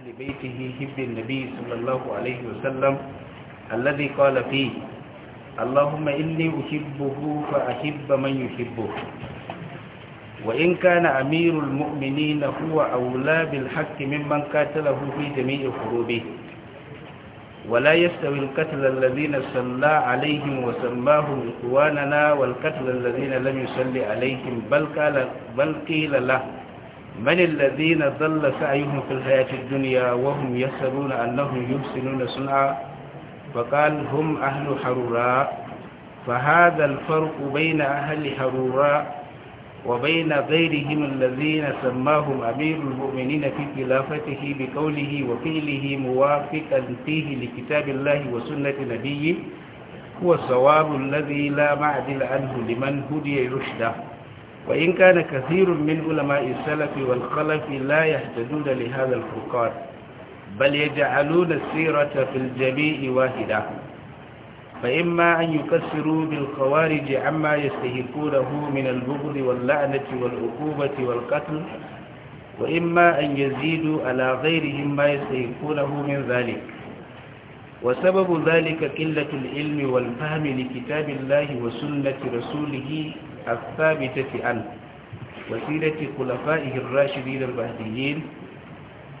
أهل بيته حب النبي صلى الله عليه وسلم الذي قال فيه اللهم إني أحبه فأحب من يحبه وإن كان أمير المؤمنين هو أولى بالحق ممن قاتله في جميع حروبه ولا يستوي القتل الذين صلى عليهم وسماهم إخواننا والقتل الذين لم يصلي عليهم بل قال بل قيل له من الذين ضل سعيهم في الحياة الدنيا وهم يسألون أنهم يحسنون صنعا فقال هم أهل حروراء فهذا الفرق بين أهل حروراء وبين غيرهم الذين سماهم أمير المؤمنين في خلافته بقوله وفعله موافقا فيه لكتاب الله وسنة نبيه هو الصواب الذي لا معدل عنه لمن هدي رشده وإن كان كثير من علماء السلف والخلف لا يهتدون لهذا الفرقان بل يجعلون السيرة في الجميع واحدة فإما أن يكسروا بالخوارج عما يستهلكونه من البغض واللعنة والعقوبة والقتل وإما أن يزيدوا على غيرهم ما يستهلكونه من ذلك وسبب ذلك قلة العلم والفهم لكتاب الله وسنة رسوله الثابتة عن وسيلة خلفائه الراشدين المهديين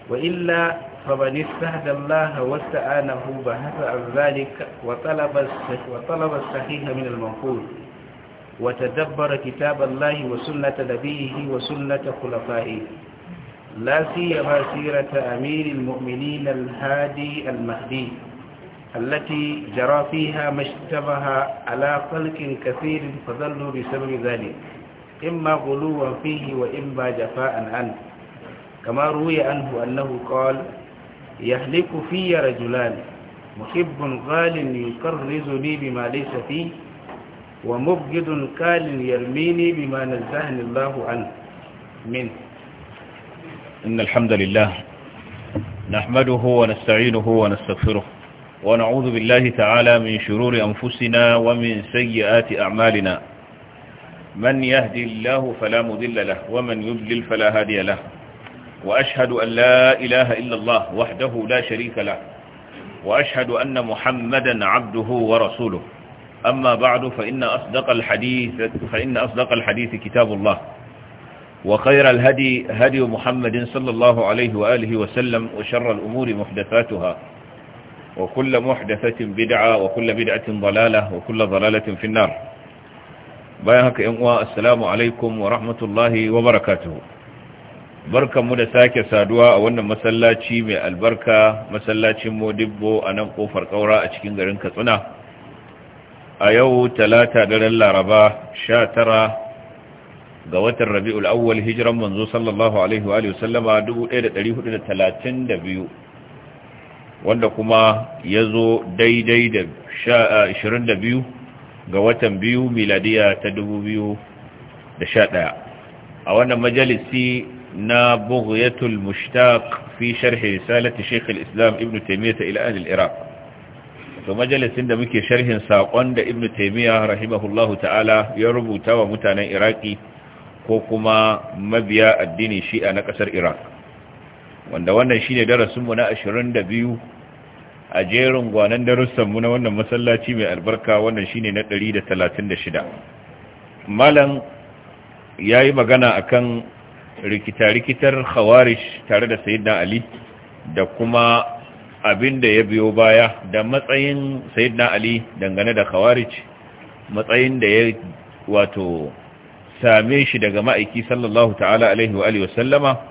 وإلا فمن استهد الله واستعانه بحث عن ذلك وطلب وطلب الصحيح من المنقول وتدبر كتاب الله وسنة نبيه وسنة خلفائه لا سيما سيرة أمير المؤمنين الهادي المهدي التي جرى فيها ما اشتبه على خلق كثير فظلوا بسبب ذلك إما غلوا فيه وإما جفاء عنه كما روي عنه أنه قال يهلك في رجلان محب غال يكرزني بما ليس فيه ومبجد كال يرميني بما نزهني الله عنه منه إن الحمد لله نحمده ونستعينه ونستغفره ونعوذ بالله تعالى من شرور أنفسنا ومن سيئات أعمالنا من يهدي الله فلا مذل له ومن يبلل فلا هادي له وأشهد أن لا إله إلا الله وحده لا شريك له وأشهد أن محمدا عبده ورسوله أما بعد فإن أصدق الحديث, فإن أصدق الحديث كتاب الله وخير الهدي هدي محمد صلى الله عليه وآله وسلم وشر الأمور محدثاتها وكل محدثة بدعة وكل بدعة ضلالة وكل ضلالة في النار بايهك إنواء السلام عليكم ورحمة الله وبركاته بركة مدساك سادوا أولنا مسلاتي من البركة مسلاتي مدبو أنمقو فرقورا أشكين غرين كتنا أيو تلاتة دلال ربا شاترة ga watan rabi'ul awwal hijiran manzo sallallahu alaihi wa alihi wasallama 1432 wanda kuma ya zo daidai da 22 ga watan biyu miladiya ta 2011 a wannan majalisi na bughyatul mushtaq fi sharhin risalati shaykh al-islam ibn taymiyyah ila ahli al-iraq to majalisin da muke sharhin sakon da ibn taymiyyah rahimahullahu ta'ala ya rubuta wa mutanen iraki ko kuma mabiya addini shi'a na kasar iraq wanda wannan shi ne darasinmu na 22 a jerin gwanan darussanmu na wannan masallaci mai albarka wannan shi ne na 136 malam ya yi magana a kan rikita-rikitar khawarish tare da sayyidina ali da kuma abin da ya biyo baya da matsayin sayyidina ali dangane da khawarish matsayin da ya wato same shi daga ma'aiki sallallahu ta'ala alaihi wa sallama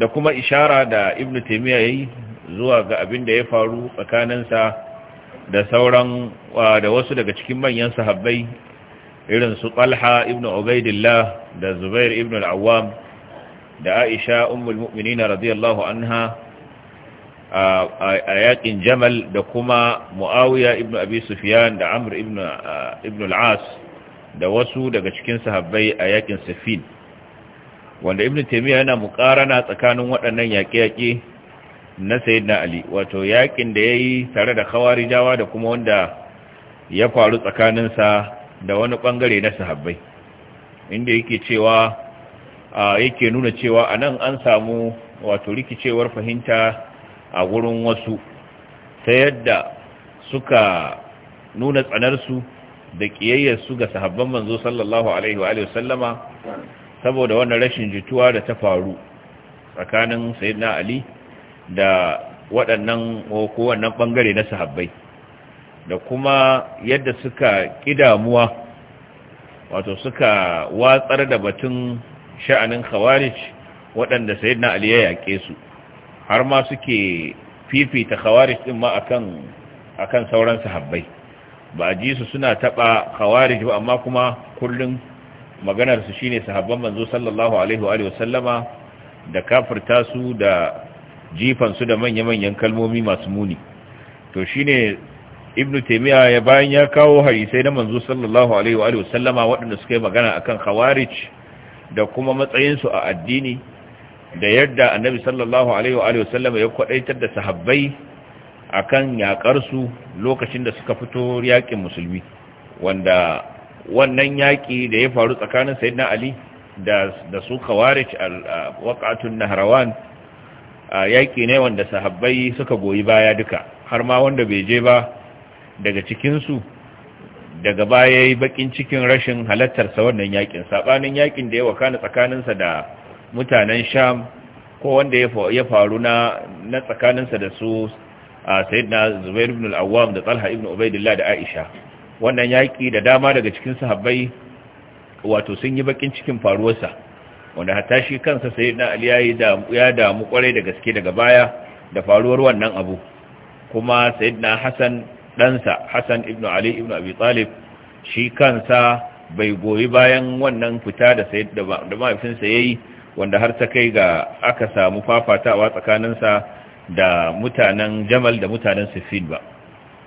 da kuma ishara da ibn taimiyya ya yi zuwa ga abin da ya faru tsakaninsa da sauran da wasu daga cikin manyan sahabbai irin su talha ibn ubaidillah da zubair ibn al'awam da aisha ummul mu'minina radiyallahu anha a yakin jamal da kuma muawiya ibn abi sufyan da amr ibn al'as da wasu daga cikin sahabbai a yakin safin wanda ibn taymiya yana mukarana tsakanin waɗannan yaƙe-yaƙe na sayyidina ali wato yaƙin da yayi tare da khawarijawa da kuma wanda ya faru tsakanin sa da wani bangare na sahabbai inda yake cewa yake nuna cewa a nan an samu wato rikicewar fahimta a wurin wasu ta yadda suka nuna tsanarsu da ƙiyayyarsu ga sahabban manzo sallallahu alaihi wa sallama saboda wannan rashin jituwa da ta faru tsakanin sayyidina ali da waɗannan ko wannan bangare na sahabbai da kuma yadda suka kidamuwa wato suka watsar da batun sha'anin khawarij waɗanda sayyidina ali ya yaƙe su har ma suke fifita khawarij ɗin ma akan akan sauran sahabbai ba ji su suna taɓa khawarij ba amma kuma kullum. maganar su shine sahabban manzo sallallahu alaihi wa sallama da kafirta su da jifan su da manya-manyan kalmomi masu muni to shine ibn taymiya ya bayan ya kawo hadisai na manzo sallallahu alaihi wa sallama waɗanda suka yi magana akan khawarij da kuma matsayin su a addini da yadda annabi sallallahu alaihi wa sallama ya kwadaitar da sahabbai akan yakar su lokacin da suka fito yakin musulmi wanda wannan yaƙi da ya faru tsakanin sayyidina ali da su kawarij al-waqatun nahrawan yaƙi ne wanda sahabbai suka goyi baya duka har ma wanda bai je ba daga cikinsu daga baya yayi bakin cikin rashin halattarsa wannan yaƙin sabanin yaƙin da ya wakana tsakaninsa da mutanen sham ko wanda ya faru na tsakaninsa da su sayyidina zubair ibn al-awwam da Tsalha ibn ubaidillah da aisha wannan yaƙi da dama daga cikin sahabbai wato sun yi bakin cikin faruwarsa wanda hatta shi kansa na ali ya damu kwarai da gaske daga baya da faruwar wannan abu kuma sayyidina hasan ɗansa hasan ibnu ali ibnu abi talib shi kansa bai goyi bayan wannan fita da da mahaifinsa ya yi wanda har ta kai ga aka samu fafatawa tsakaninsa da mutanen jamal da mutanen siffin ba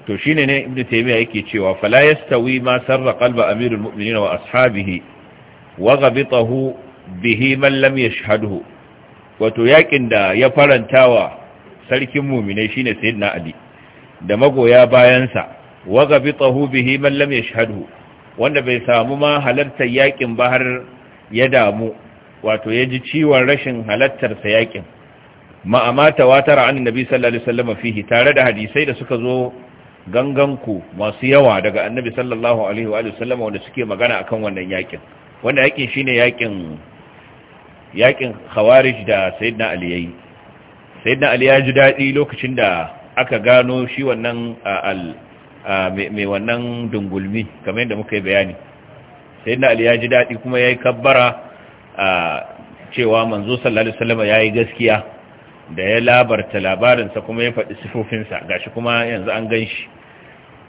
to shi ne ibnu taymiya yake cewa fala yastawi ma sarra qalba amirul mu'minin wa ashabihi wa ghabitahu bihi man lam wato yakin da ya farantawa sarkin mu'minai shine sayyidina ali da magoya bayansa wa Tsahu bihi man lam wanda bai samu ma halartar yakin ba har ya damu wato ya ji ciwon rashin halartarsa yakin ma'amata wa tara annabi sallallahu alaihi wasallam fihi tare da hadisai da suka zo ganganku masu yawa daga annabi sallallahu alaihi wa sallam wanda suke magana akan wannan yakin wanda yakin shine yakin yakin khawarij da sayyidina ali yayi sayyidina ali ya ji dadi lokacin da aka gano shi wannan al mai wannan dungulmi kamar yadda muka yi bayani sayyidina ali ya ji dadi kuma yayi kabbara cewa manzo sallallahu alaihi sallam yayi gaskiya da ya labarta labarinsa kuma ya faɗi sifofinsa shi kuma yanzu an gan shi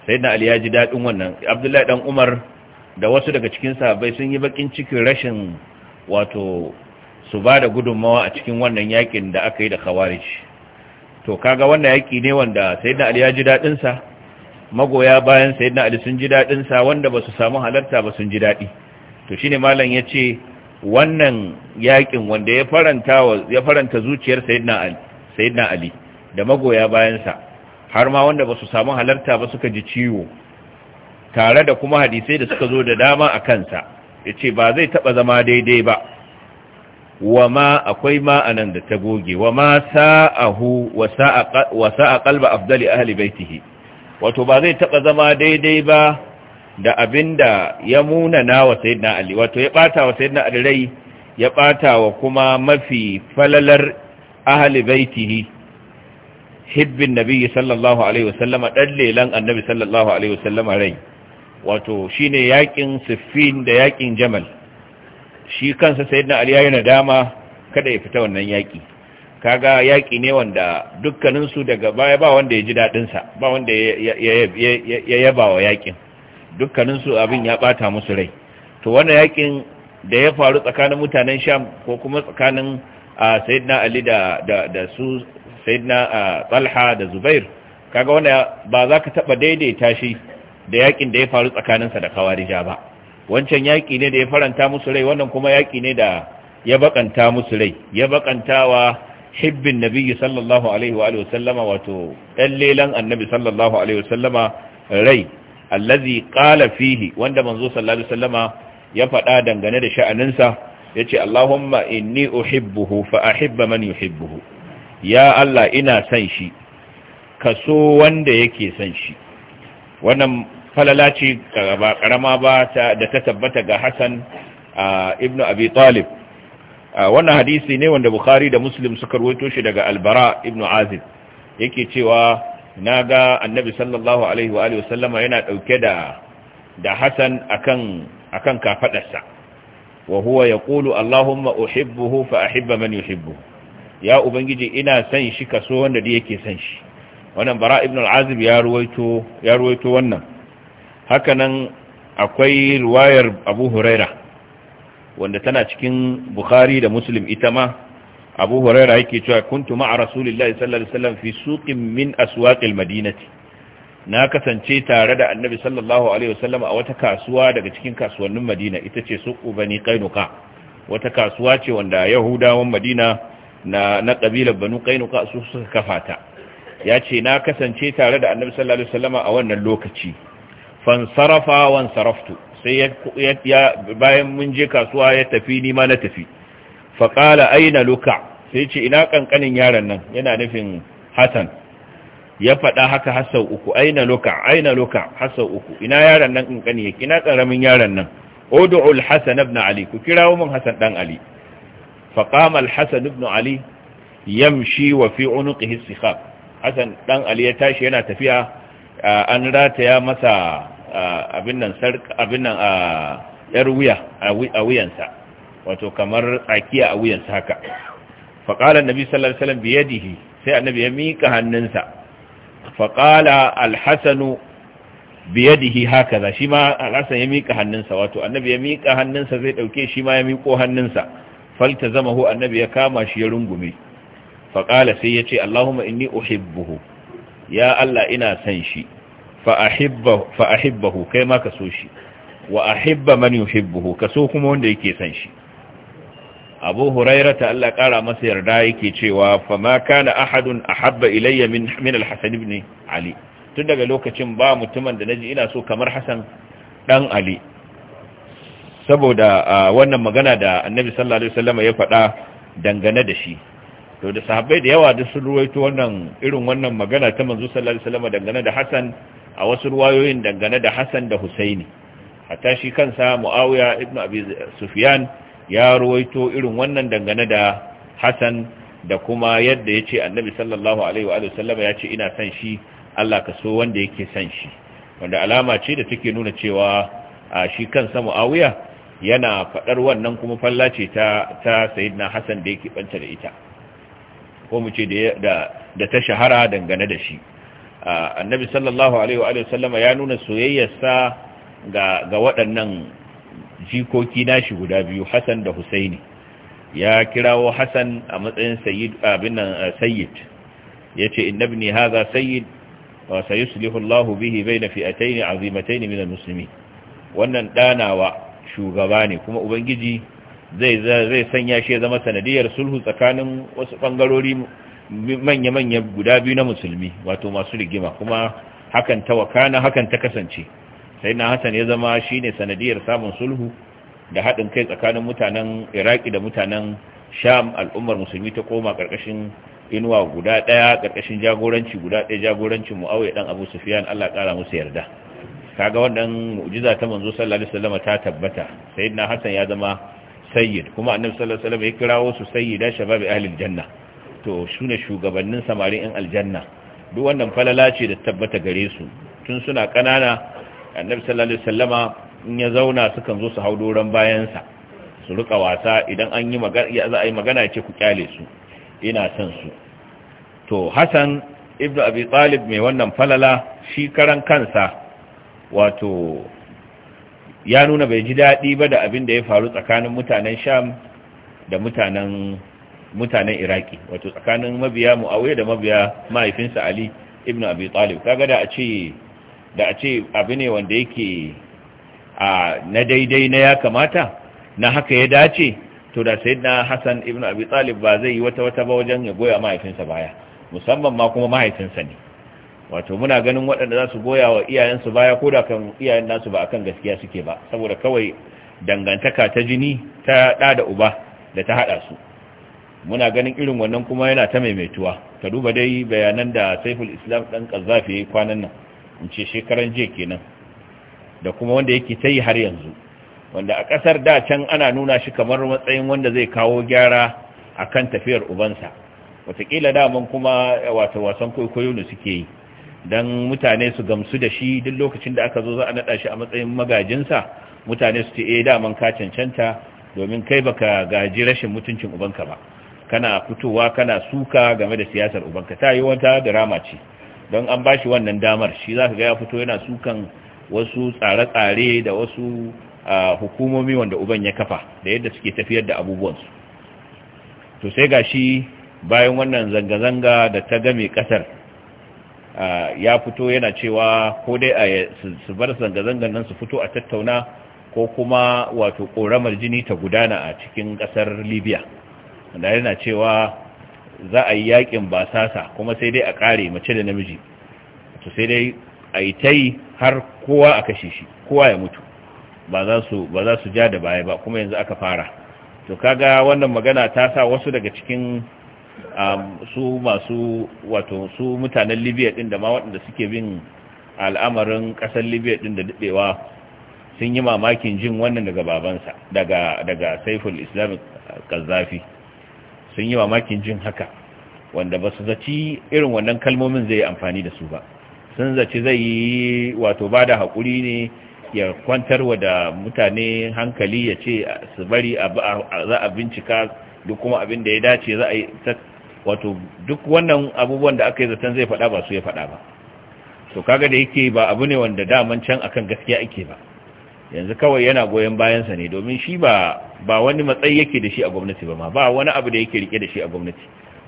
sai na ali ji daɗin wannan abdullahi ɗan umar da wasu daga cikin sabai sun yi bakin cikin rashin wato su ba da gudunmawa a cikin wannan yakin da aka yi da khawarij to kaga wannan yaki ne wanda sayyidina ali ya ji daɗinsa magoya bayan sayyidina ali sun ji daɗinsa sa wanda basu samu halarta ba sun ji daɗi to shine malam ya ce. wannan yakin wanda ya faranta ya faranta zuciyar sayyidina ali da magoya bayansa har ma wanda ba su samu halarta ba suka ji ciwo tare da kuma hadisai da suka zo da dama a kansa yace ba zai taba zama daidai ba wa ma akwai ma anan da ta goge wa ma sa'ahu wa sa'a qalbi afdali ahli baitihi wato ba zai taba zama daidai ba da abinda ya munana wa sayyidina ali wato ya bata wa sayyidina ali rai ya bata wa kuma mafi falalar ahli baitihi hibbin nabi sallallahu alaihi wasallama dan lelan annabi sallallahu alaihi wasallama rai wato shine yakin siffin da yakin jamal shi kansa sayyidina ali yayin nadama kada ya fita wannan yaki kaga yaki ne wanda dukkanin su daga baya ba wanda ya ji dadin sa ba wanda ya yaba wa yakin dukkaninsu abin ya bata musu rai to wannan yakin da ya faru tsakanin mutanen sham ko kuma tsakanin sayyidina ali da da su sayyidina talha da zubair kaga wannan ba za ka taba daidaita shi da yakin da ya faru tsakaninsa da kawarija ba wancan yaki ne da ya faranta musu rai wannan kuma yaki ne da ya bakanta musu rai ya bakantawa hibbin nabiyyi sallallahu alaihi wa sallama wato ɗan lelan annabi sallallahu alaihi wa sallama rai allazi qala fihi wanda manzo sallallahu alaihi wasallama ya faɗa dangane da sha'aninsa yace Allahumma inni uhibbuhu fa ahibba man yuhibbuhu ya Allah ina son shi kaso wanda yake son shi wannan falala ce ba karama ba da ta tabbata ga Hassan ibn Abi Talib wannan hadisi ne wanda Bukhari da Muslim suka ruwaito shi daga Albara bara ibn Azib yake cewa na ga annabi sallallahu alaihi wa wasallama yana ɗauke da da hasan akan akan kafaɗarsa wa huwa ya ƙulu allahumma uhibbuhu fa ahibba man yuhibbu ya ubangiji ina san shi kaso wanda da yake san shi wannan bara ibn al-azib ya ruwaito ya ruwaito wannan hakanan akwai riwayar abu huraira wanda tana cikin bukhari da muslim ita ma abu huraira yake cewa kuntu ma'a rasulillahi sallallahu alaihi wasallam fi suqin min aswaqil madinati na kasance tare da annabi sallallahu alaihi wasallam a wata kasuwa daga cikin kasuwannin madina ita ce suqu bani qainuqa wata kasuwa ce wanda yahudawan madina na na kabilar banu qainuqa su suka kafa ta yace na kasance tare da annabi sallallahu alaihi wasallam a wannan lokaci sarafa wan saraftu sai ya bayan mun je kasuwa ya tafi ni ma na tafi faƙala aina luka sai ce ina ƙanƙanin yaron nan yana nufin hassan ya faɗa haka hassan uku aina luka aina luka hassan uku ina yaron nan ƙanƙani yake ina ƙaramin yaron nan udu'ul hasan ibn ali ku kirawo min Hassan dan ali faqama al-hasan ibn ali yamshi wa fi unuqihi sikhab Hassan dan ali ya tashi yana tafiya an rataya masa abin nan sarka abin nan a yar wuya a wuyansa wato kamar tsakiya a wuyansa haka faƙala annabi sallallahu alaihi wasallam biyadihi sai annabi ya mika hannunsa faƙala alhasanu biyadihi hakaza shi ma alhassan ya miƙa hannunsa wato annabi ya mika hannunsa zai ɗauke shi ma ya miƙo hannunsa falta zama hu annabi ya kama shi ya rungume faƙala sai ya ce allahumma inni uhibbuhu ya allah ina san shi fa ahibbahu kai ma ka so shi wa ahibba man yuhibbuhu ka so kuma wanda yake san shi abu Huraira ta Allah ƙara masa yarda yake cewa fama kana ahadun ahabba ilayya min min al-hasan ibn ali tun daga lokacin ba mutumin da naji ina so kamar hasan dan ali saboda wannan magana da annabi sallallahu alaihi wasallam ya faɗa dangane da shi to da sahabbai da yawa duk sun ruwaito wannan irin wannan magana ta manzo sallallahu alaihi wasallam dangane da hasan a wasu ruwayoyin dangane da hasan da husaini hatta shi kansa muawiya ibn abi sufyan ya ruwaito irin wannan dangane da Hassan da kuma yadda ya ce annabi sallallahu alaihi wa’adu sallama ya ce ina san shi Allah ka so wanda yake san shi wanda alama ce da take nuna cewa a shi samu awuya yana faɗar wannan kuma fallace ta ta na Hassan da yake banta da ita ko mu ce da ta shahara dangane da shi annabi sallallahu alaihi wa’adu sallama ya nuna soyayyarsa ga ga waɗannan jikoki nashi guda biyu Hassan da Husaini ya kirawo Hassan a matsayin sayyid abin nan eh, sayyid yace innabni hadha sayyid wa sayuslihu Allahu bihi bayna fi'atayn 'azimatayn min al-muslimin wannan danawa shugaba ne kuma ubangiji zai zai sanya shi ya zama sanadiyar sulhu tsakanin wasu bangarori manya-manya guda biyu na musulmi wato masu rigima kuma hakan ta wakana hakan ta kasance na Hassan ya zama shi ne sanadiyar samun sulhu da haɗin kai tsakanin mutanen Iraki da mutanen Sham al'ummar musulmi ta koma ƙarƙashin inuwa guda ɗaya ƙarƙashin jagoranci guda ɗaya jagorancin Muawiya ɗan Abu sufiyan Allah ƙara musu yarda ga wannan mu'jiza ta manzo sallallahu alaihi wasallam ta tabbata sayyidina Hassan ya zama sayyid kuma annabi sallallahu alaihi wasallam ya kirawo su sayyida shabab ahli aljanna to shune shugabannin samarin aljanna duk wannan falala ce da tabbata gare su tun suna ƙanana annabi sallallahu alaihi wasallama in ya zauna sukan zo su hau doron bayansa su rika wasa idan an yi magana za a yi magana ya ce ku kyale su ina son su to hasan ibnu abi talib mai wannan falala shi karan kansa wato ya nuna bai ji daɗi ba da abin da ya faru tsakanin mutanen sham da mutanen mutanen iraki wato tsakanin mabiya muawiya da mabiya mahaifinsa ali ibnu abi talib kaga da a ce da a ce abu ne wanda yake a na daidai na ya kamata na haka ya dace to da sai na hassan ibn abi talib ba zai yi wata wata ba wajen ya goya mahaifinsa baya musamman ma kuma mahaifinsa ne wato muna ganin waɗanda za su goya wa iyayensu baya ko da kan iyayen nasu ba akan gaskiya suke ba saboda kawai dangantaka ta jini ta ɗa da uba da ta haɗa su muna ganin irin wannan kuma yana ta maimaituwa ta duba dai bayanan da saiful islam ɗan ƙazafi kwanan nan in ce shekaran jiya kenan da kuma wanda yake ta yi har yanzu wanda a ƙasar da can ana nuna shi kamar matsayin wanda zai kawo gyara a kan tafiyar ubansa watakila daman kuma eh, wata wasan kwaikwayo ne suke yi don mutane su gamsu da shi duk lokacin da aka zo za a naɗa shi a matsayin magajinsa mutane su ce eh daman ka cancanta domin kai baka gaji rashin mutuncin ubanka ba kana fitowa kana suka game da siyasar ubanka ta yi wata drama ce don an bashi wannan damar shi za ka ga ya fito yana sukan wasu tsare-tsare da wasu hukumomi wanda uban ya kafa da yadda suke tafiyar da abubuwansu to sai ga shi bayan wannan zanga-zanga da ta game kasar ya fito yana cewa ko dai a su bar zanga-zangan nan su fito a tattauna ko kuma wato ƙoramar jini ta gudana a cikin ƙasar libya da yana cewa za a yi yakin basasa kuma sai dai a kare mace da namiji to sai dai a yi ta har kowa a kashe shi kowa ya mutu ba za su ba za su ja da baya ba kuma yanzu aka fara to kaga wannan magana ta sa wasu daga cikin um, su masu wato su mutanen libya din da ma waɗanda suke bin al'amarin ƙasar libya din da daɗewa sun yi mamakin jin wannan daga babansa daga daga saiful islamic kazafi sun yi mamakin jin haka wanda ba su zaci irin wannan kalmomin zai amfani da su ba sun zaci zai yi wato ba da haƙuri ne ya kwantar wa da mutane hankali ya ce su bari za a bincika duk kuma abin da ya dace za a yi wato duk wannan abubuwan da aka yi zaton zai faɗa ba su ya faɗa ba to kaga da yake ba abu ne wanda daman can akan gaskiya ake ba yanzu kawai yana goyon bayansa ne domin shi ba ba wani matsayi yake da shi a gwamnati ba ma ba wani abu da yake rike da shi a gwamnati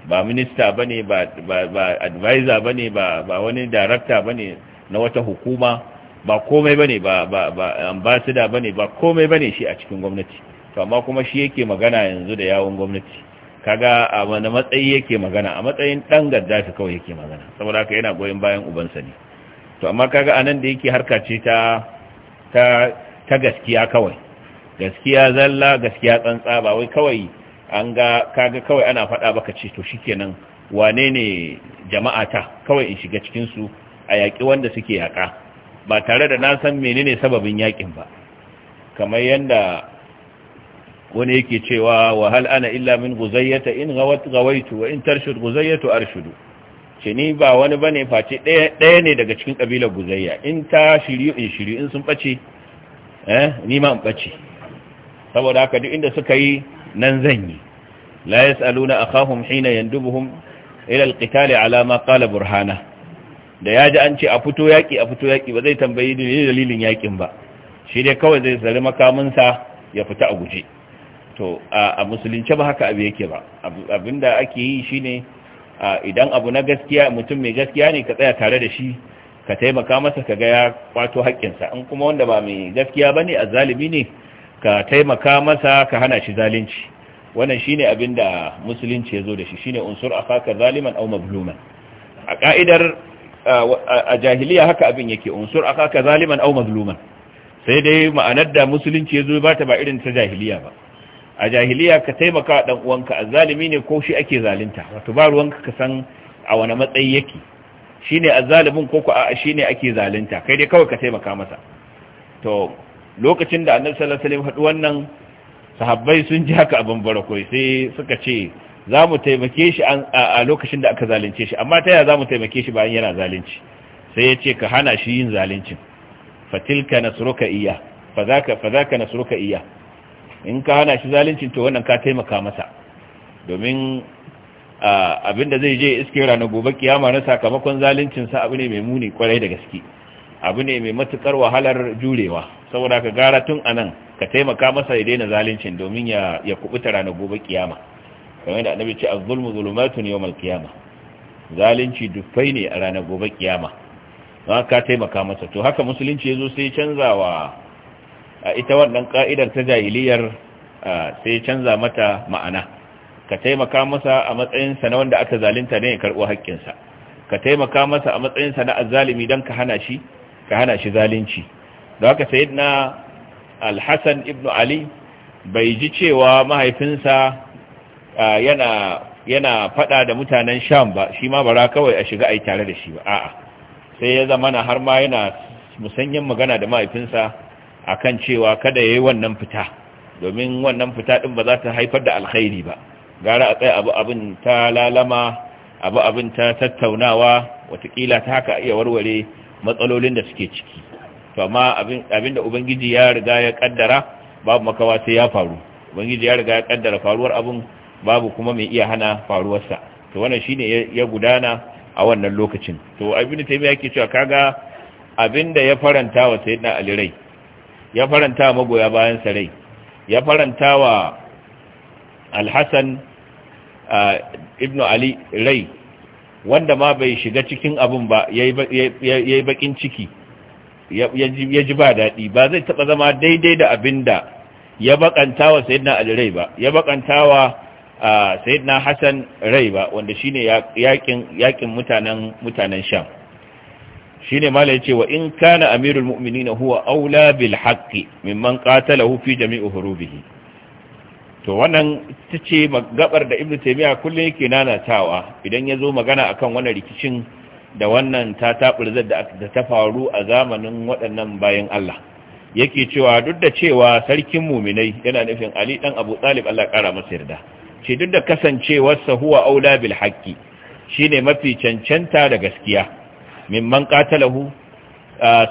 ba minista ba ba ba advisor ba ba ba wani director ba ne na wata hukuma ba komai ba ba ba ambassador ba ne ba komai ba ne shi a cikin gwamnati to amma kuma shi yake magana yanzu da yawon gwamnati kaga a wani matsayi yake magana a matsayin dan gaddafi kawai yake magana saboda haka yana goyon bayan ubansa ne to amma kaga anan da yake harka ce ta ta ta gaskiya kawai gaskiya zalla gaskiya tsantsa ba wai kawai an ga kaga kawai ana faɗa baka ce to shikenan wane ne ta kawai in shiga cikin su a yaƙi wanda suke yaƙa ba tare da na san menene sababin yaƙin ba kamar yadda wani yake cewa wa hal ana illa min guzayyata in gawat gawaitu wa in tarshud guzayyatu arshudu ce ni ba wani bane face ɗaya ne daga cikin kabilar guzayya in ta shiryu in shiryu in sun ɓace eh ni ma in bace saboda haka duk inda suka yi nan zan yi la yasaluna akhahum hina yandubuhum ila alqital ala ma qala burhana da yaji an ce a fito yaki a fito yaki ba zai tambayi dalilin yakin ba shi dai kawai zai zari makamin sa ya fita a guje to a musulunce ba haka abu yake ba abinda ake yi shine idan abu na gaskiya mutum mai gaskiya ne ka tsaya tare da shi ka taimaka masa ka ga ya kwato haƙƙinsa in kuma wanda ba mai gaskiya a zalimi ne ka taimaka masa ka hana shi zalunci wannan shine abin da musulunci ya zo da shi shine unsur akaka zaliman au mazluman a ƙa'idar a jahiliya haka abin yake unsur akaka zaliman au mazluman sai dai ma'anar da musulunci ya zo ba ta ba irin ta jahiliya ba a jahiliya ka taimaka dan uwanka a zalimi ne ko shi ake zalinta. wato ba ruwanka ka san a wane matsayi yake shine azzalimin ko ko a shine ake zalunta kai dai kawai ka taimaka masa to lokacin da annabi sallallahu alaihi wasallam wannan sahabbai sun ji haka abin barakoi sai suka ce za mu taimake shi a lokacin da aka zalunce shi amma ta yaya za mu taimake shi bayan yana zalunci sai ya ce ka hana shi yin zaluncin fatilka nasruka iya fazaka fazaka nasruka iya in ka hana shi zaluncin to wannan ka taimaka masa domin abinda zai je iske ranar gobe kiyama na sakamakon zaluncinsa abu ne mai muni kwarai da gaske abu ne mai matukar wahalar jurewa saboda ka gara tun anan ka taimaka masa ya daina zaluncin domin ya ya kubuta ranar gobe kiyama kamar da annabi ce az-zulmu zulumatun yawmal qiyama zalunci dufai ne a ranar gobe kiyama Ba ka taimaka masa to haka musulunci yazo sai canzawa ita wannan ka'idar ta jahiliyar sai canza mata ma'ana ka taimaka masa a matsayinsa na wanda aka zalunta ne ya karɓo haƙƙinsa ka taimaka masa a matsayinsa na azzalimi don ka hana shi ka hana shi zalunci don haka sayid na alhassan ibn ali bai ji cewa mahaifinsa yana yana faɗa da mutanen sham ba shi ma bara kawai a shiga ai tare da shi ba a'a sai ya zama na har ma yana musanyen magana da mahaifinsa akan cewa kada ya yi wannan fita domin wannan fita ɗin ba za ta haifar da alkhairi ba gara a tsaya abu abin ta lalama abu abin ta tattaunawa wataƙila, ta haka iya warware matsalolin da suke ciki to amma abin da ubangiji ya riga ya kaddara babu makawa sai ya faru ubangiji ya riga ya kaddara faruwar abin babu kuma mai iya hana faruwarsa to wannan shine ya gudana a wannan lokacin to abin da yake cewa kaga abin da ya faranta wa sayyidina ali rai ya faranta magoya bayan sa rai ya faranta wa alhassan ibn ali rai wanda ma bai shiga cikin abun ba ya yi bakin ciki ya ji ba daɗi ba zai taɓa zama daidai da abin da ya bakanta wa sayidina ali rai ba ya bakanta wa sayidina hassan rai ba wanda shine yakin mutanen mutanen sham shine mala yace wa in kana amirul mu'minina huwa aula bil haqqi mimman qatalahu fi jami'i hurubihi to wannan ta ce gabar da ibn taimiyya kullum yake nanatawa idan ya zo magana a kan wannan rikicin da wannan ta taɓurzar da ta faru a zamanin waɗannan bayan Allah yake cewa duk da cewa sarkin muminai yana nufin ali ɗan abu ɗalib Allah ƙara masa yarda ce duk da kasancewarsa huwa aula bil haƙƙi shi ne mafi cancanta da gaskiya mimman ƙatalahu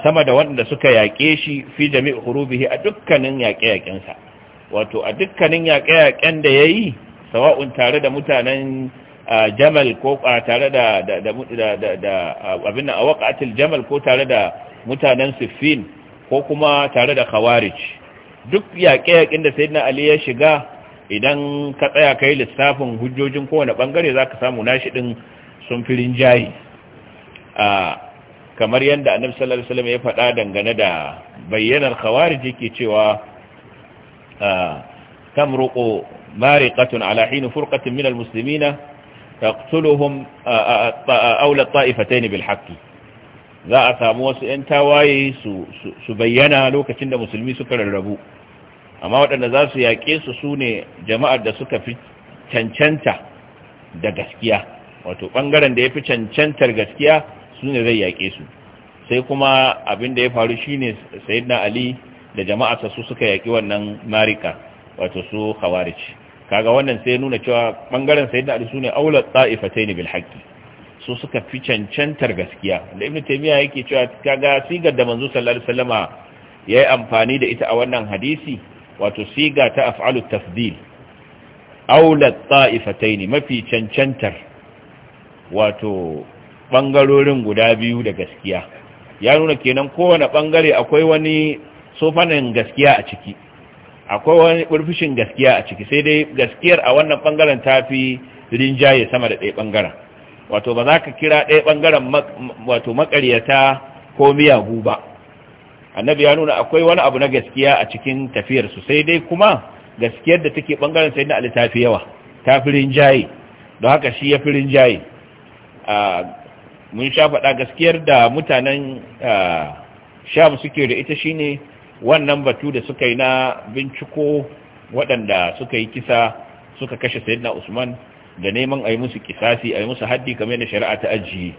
sama da waɗanda suka yaƙe shi fi jami'a hurubihi a dukkanin yaƙe-yaƙensa wato a dukkanin yaƙe-yaƙen da ya yi sawa'un tare da mutanen jamal ko tare da abin a waƙatil jamal ko tare da mutanen siffin ko kuma tare da khawarij duk yaƙe-yaƙen da na ali ya shiga idan ka tsaya kai lissafin hujjojin kowane ɓangare za ka samu nashi ɗin sun firin jayi kamar yadda annabi sallallahu alaihi wasallam ya faɗa dangane da bayyanar khawarij yake cewa تمرق مارقة على حين فرقة من المسلمين تقتلهم أولى الطائفتين بالحق za a samu wasu 'yan tawaye su bayyana lokacin da musulmi suka rarrabu amma waɗanda za yaƙesu yaƙe su ne jama'ar da suka fi cancanta da gaskiya wato ɓangaren da ya fi cancantar gaskiya su ne zai yaƙe su sai kuma abin da ya faru shine ne sayidina ali da jama'arsa su suka yaki wannan marika wato su khawarij kaga wannan sai nuna cewa bangaren sayyidina ali sune aula ta'ifatayn bil haqqi su suka fi cancantar gaskiya da ibnu taymiya yake cewa kaga sigar da manzo sallallahu alaihi wasallama yayi amfani da ita a wannan hadisi wato siga ta af'alu tafdil aula ta'ifatayn mafi cancantar wato bangarorin guda biyu da gaskiya ya nuna kenan kowane bangare akwai wani sofanin gaskiya a ciki akwai wani burfishin gaskiya a ciki sai dai gaskiyar a wannan bangaren fi rinjaye sama da ɗaya bangaren wato ba za ka kira ɗaya bangaren wato makaryata ko miyagu ba annabi ya nuna akwai wani abu na gaskiya a cikin tafiyar su sai dai kuma gaskiyar da take bangaren sai na ali fi yawa fi rinjaye don haka shi ya fi rinjaye mun sha faɗa gaskiyar da mutanen sham suke da ita shine wannan batu da suka yi na binciko waɗanda suka yi kisa suka kashe sayyidina usman da neman a yi musu kisasi a yi musu haddi kame da shari'a ta ajiye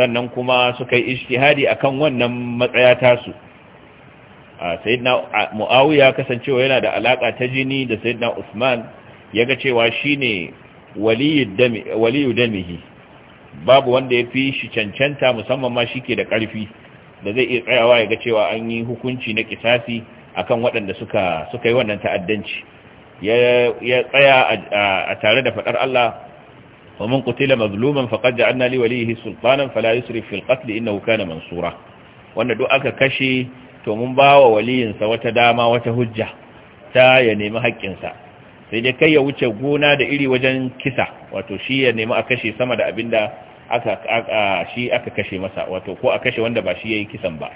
sannan kuma suka yi ishtihadi kan wannan matsaya tasu sayyidina muawiya kasancewa yana da alaƙa ta jini da sayyidina usman Ya ga cewa shi ne waliyu damihi babu wanda ya fi shi cancanta musamman ma shi ke da ƙarfi da zai iya tsayawa ya ga cewa an yi hukunci na kisasi akan waɗanda suka suka yi wannan ta'addanci ya tsaya a tare da faɗar Allah wa man qutila mazluman faqad ja'alna li walihi sultanan fala yusrif fil qatl innahu kana mansura wanda duk aka kashe to mun bawa sa wata dama wata hujja ta ya nemi haƙƙinsa sai dai kai ya wuce gona da iri wajen kisa wato shi ya nemi a kashe sama da abinda aka shi aka kashe masa wato ko a kashe wanda ba shi yayi kisan ba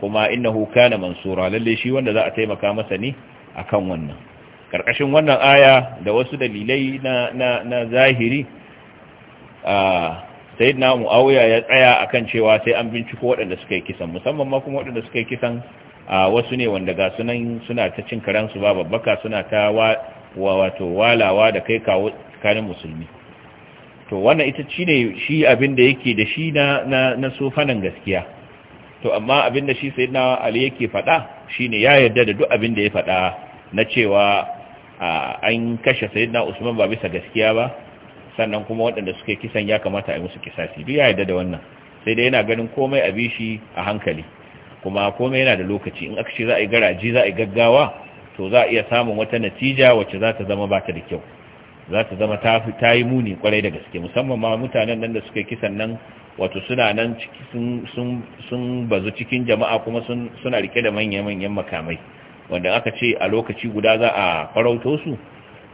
kuma innahu kana mansura lalle shi wanda za a taimaka masa ne akan wannan karkashin wannan aya da wasu dalilai na na na zahiri a sayyidina muawiya ya tsaya akan cewa sai an binciko waɗanda suka yi kisan musamman ma kuma waɗanda suka yi kisan a wasu ne wanda ga sunan suna ta cin karansu ba babbaka suna ta wato walawa da kai kawo tsakanin musulmi to wannan ita shi ne shi abin da yake da shi na na sofanan gaskiya to amma abin da shi sayyidina ali yake faɗa shine ya yarda da duk abin da ya faɗa na cewa an kashe sayyidina usman ba bisa gaskiya ba sannan kuma waɗanda suke kisan ya kamata a yi musu kisasi duk ya yarda da wannan sai dai yana ganin komai a shi a hankali kuma komai yana da lokaci in aka ce za a yi garaji za a yi gaggawa to za a iya samun wata natija wacce za ta zama ba ta da kyau za ta zama ta yi muni kwarai da gaske musamman ma mutanen nan da suka kisan nan wato suna nan sun bazu cikin jama'a kuma suna rike da manya-manyan makamai wanda aka ce a lokaci guda za a farauto su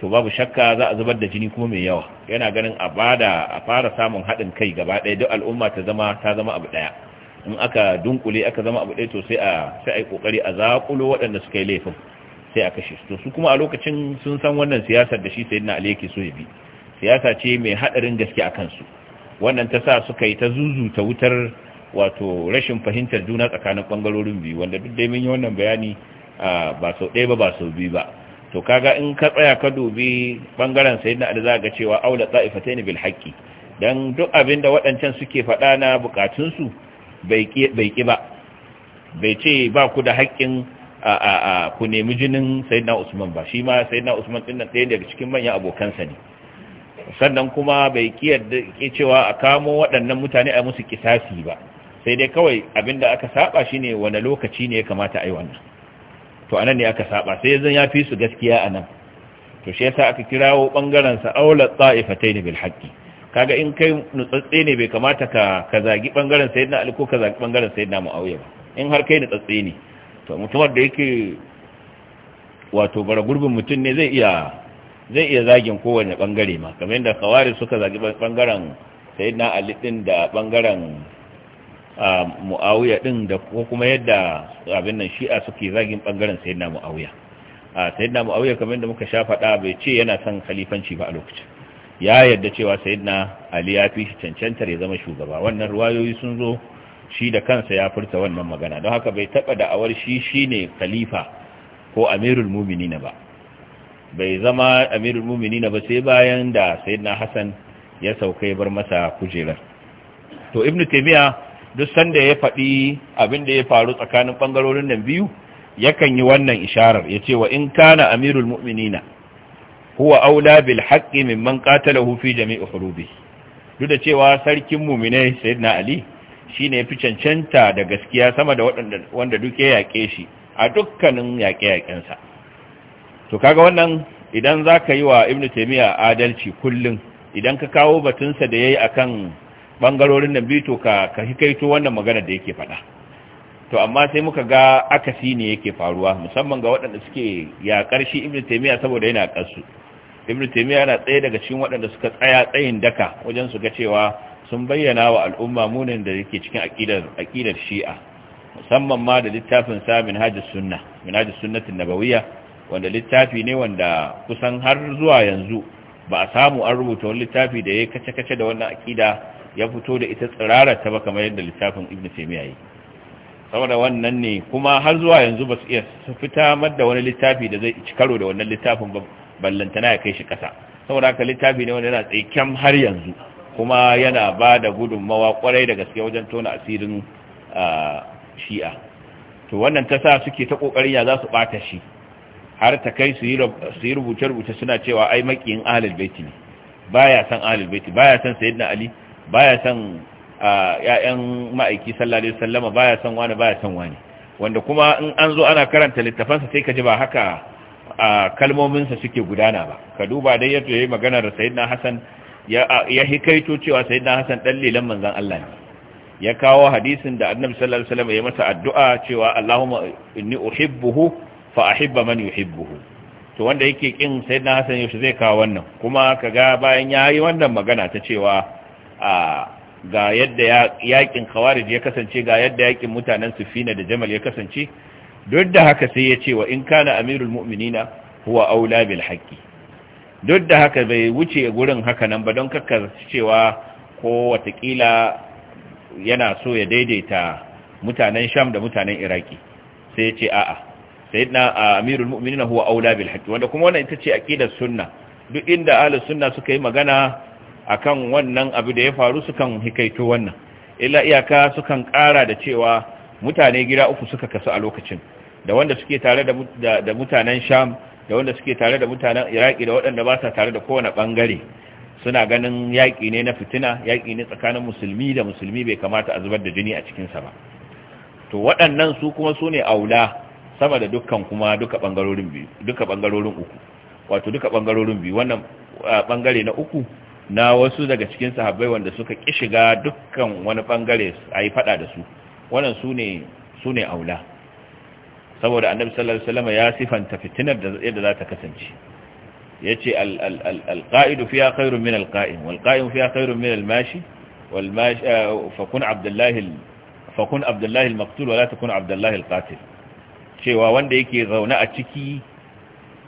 to babu shakka za a zubar da jini kuma mai yawa yana ganin a bada a fara samun haɗin kai gaba ɗaya duk al'umma ta zama ta zama abu ɗaya in aka dunkule aka zama abu ɗaya to sai a sai a yi ƙoƙari a zaƙulo waɗanda suka yi laifin sai a kashe su su kuma a lokacin sun san wannan siyasar da shi sayyidina ali yake so ya bi siyasa ce mai hadarin gaske a kansu wannan ta sa suka yi ta zuzuta wutar wato rashin fahimtar juna tsakanin bangarorin biyu wanda duk dai mun yi wannan bayani ba sau ɗaya ba ba sau biyu ba to kaga in ka tsaya ka dubi bangaren sayyidina ali za ga cewa aula ta'ifatayn bil haqqi dan duk abin da waɗancan suke faɗa na bukatun su bai ki ba bai ce ba ku da haƙƙin ku nemi jinin sayyidina usman ba shi ma sayyidina usman din nan ɗaya daga cikin manyan abokansa ne sannan kuma bai kiyarda cewa a kamo waɗannan mutane a musu kisasi ba sai dai kawai abinda aka saba shine wani lokaci ne ya kamata a yi wannan to anan ne aka saba sai yanzu ya fi su gaskiya anan to shi yasa aka kirawo bangaren sa aula ta'ifatayn bil haqqi kaga in kai nutsatse ne bai kamata ka ka zagi bangaren sayyidina ali ko ka zagi bangaren sayyidina muawiya ba in har kai nutsatse ne to mutuwar da yake wato bara gurbin mutum ne zai iya zai iya zagin kowane bangare ma kamar yadda kawari suka zagi bangaren sai ali alidin da bangaren muawiya din da ko kuma yadda abin nan shi'a suke zagin bangaren na muawiya a na muawiya kamar yadda muka sha faɗa bai ce yana son khalifanci ba a lokacin ya yadda cewa na ali ya fi cancantar ya zama shugaba wannan ruwayoyi sun zo shi da kansa ya furta wannan magana don haka bai taba da'awar shi shi ne khalifa ko amirul mu'minina ba bai zama amirul mu'minina ba sai bayan da sayyidina Hassan ya sauka bar masa kujerar to ibnu taymiya duk sanda ya faɗi abin da ya faru tsakanin bangarorin nan biyu yakan yi wannan isharar ya ce wa in kana amirul mu'minina huwa aula bil min mimman qatalahu fi jami'i hurubi duk da cewa sarkin mu'minai sayyidina ali Shi ne fi cancanta da gaskiya sama da waɗanda wanda duk ya yaƙe shi a dukkanin yaƙe yaƙensa to kaga wannan idan za ka yi wa Ibn taimiyya adalci kullum idan ka kawo batunsa da ya yayi kan bangarorin nan biyu to ka ka kaito wannan magana da yake faɗa to amma sai muka ga akasi ne yake faruwa musamman ga waɗanda suke yaƙar shi Ibn taimiyya saboda yana ƙarsu Ibn taimiyya yana tsaye daga cikin waɗanda suka tsaya tsayin daka wajen su ga cewa sun bayyana wa al'umma munin da yake cikin aƙidar shi'a musamman ma da littafin sa minhajus sunna minhajus sunnatin nabawiyya wanda littafi ne wanda kusan har zuwa yanzu ba a samu an rubuta wani littafi da ya kace-kace da wannan aƙida ya fito da ita tsirarar ta ba kamar yadda littafin ibn taymiya yi saboda wannan ne kuma har zuwa yanzu ba su iya fita madda wani littafi da zai ci karo da wannan littafin ballantana ya kai shi kasa saboda haka littafi ne wanda yana tsaye kyam har yanzu kuma yana ba da gudunmawa kwarai da gaske wajen tona asirin shi'a to wannan ta sa suke ta kokarin ya za su bata shi har ta kai su yi rubuce-rubuce suna cewa ai makiyin ahlul baiti ne baya san ahlul baiti baya san na ali baya san ya'yan ma'aiki sallallahu sallama baya san wani baya san wani wanda kuma in an zo ana karanta littafansa sai ka ji ba haka kalmominsa suke gudana ba ka duba dai yadda yayi maganar sayyidina hasan ya hikaito cewa sayyidina Hassan dan lelan manzon Allah ne ya kawo hadisin da annabi sallallahu alaihi wasallam ya masa addu'a cewa Allahumma inni uhibbuhu fa ahibba man yuhibbuhu to wanda yake kin sayyidina Hassan yaushe zai kawo wannan kuma kaga bayan yayi wannan magana ta cewa a ga yadda yakin khawarij ya kasance ga yadda yakin mutanen Sufina da Jamal ya kasance duk da haka sai ya ce wa in kana amirul mu'minina huwa aula bil haqqi duk da haka bai wuce gurin haka nan ba don kakka cewa ko watakila yana so ya daidaita mutanen sham da mutanen iraki sai ya ce a'a sai na amirul mu'minina huwa aula bil haqqi wanda kuma wannan ita ce aqidar sunna duk inda ahli sunna suka yi magana akan wannan abu da ya faru sukan hikaito wannan illa iyaka sukan ƙara da cewa mutane gida uku suka kasu a lokacin da wanda suke tare da mutanen sham da wanda suke tare da mutanen iraki da waɗanda ba sa tare da kowane ɓangare suna ganin yaƙi ne na fitina yaƙi ne tsakanin musulmi da musulmi bai kamata a zubar da jini a cikinsa ba to waɗannan su kuma su ne aula sama da dukkan kuma duka ɓangarorin biyu duka uku wato duka ɓangarorin biyu wannan ɓangare na uku na wasu daga cikin sahabbai wanda suka ƙi shiga dukkan wani ɓangare a yi faɗa da su wannan su ne aula saboda annabi sallallahu alaihi wasallam ya sifanta fitinar da yadda za ta kasance yace al al al al qa'idu fiha khairun min al qa'im wal qa'im fiha khairun min al mashi wal mashi fa uh, kun abdullahi fa kun abdullahi al maqtul wa la takun abdullahi al qatil cewa wanda yake zauna a ciki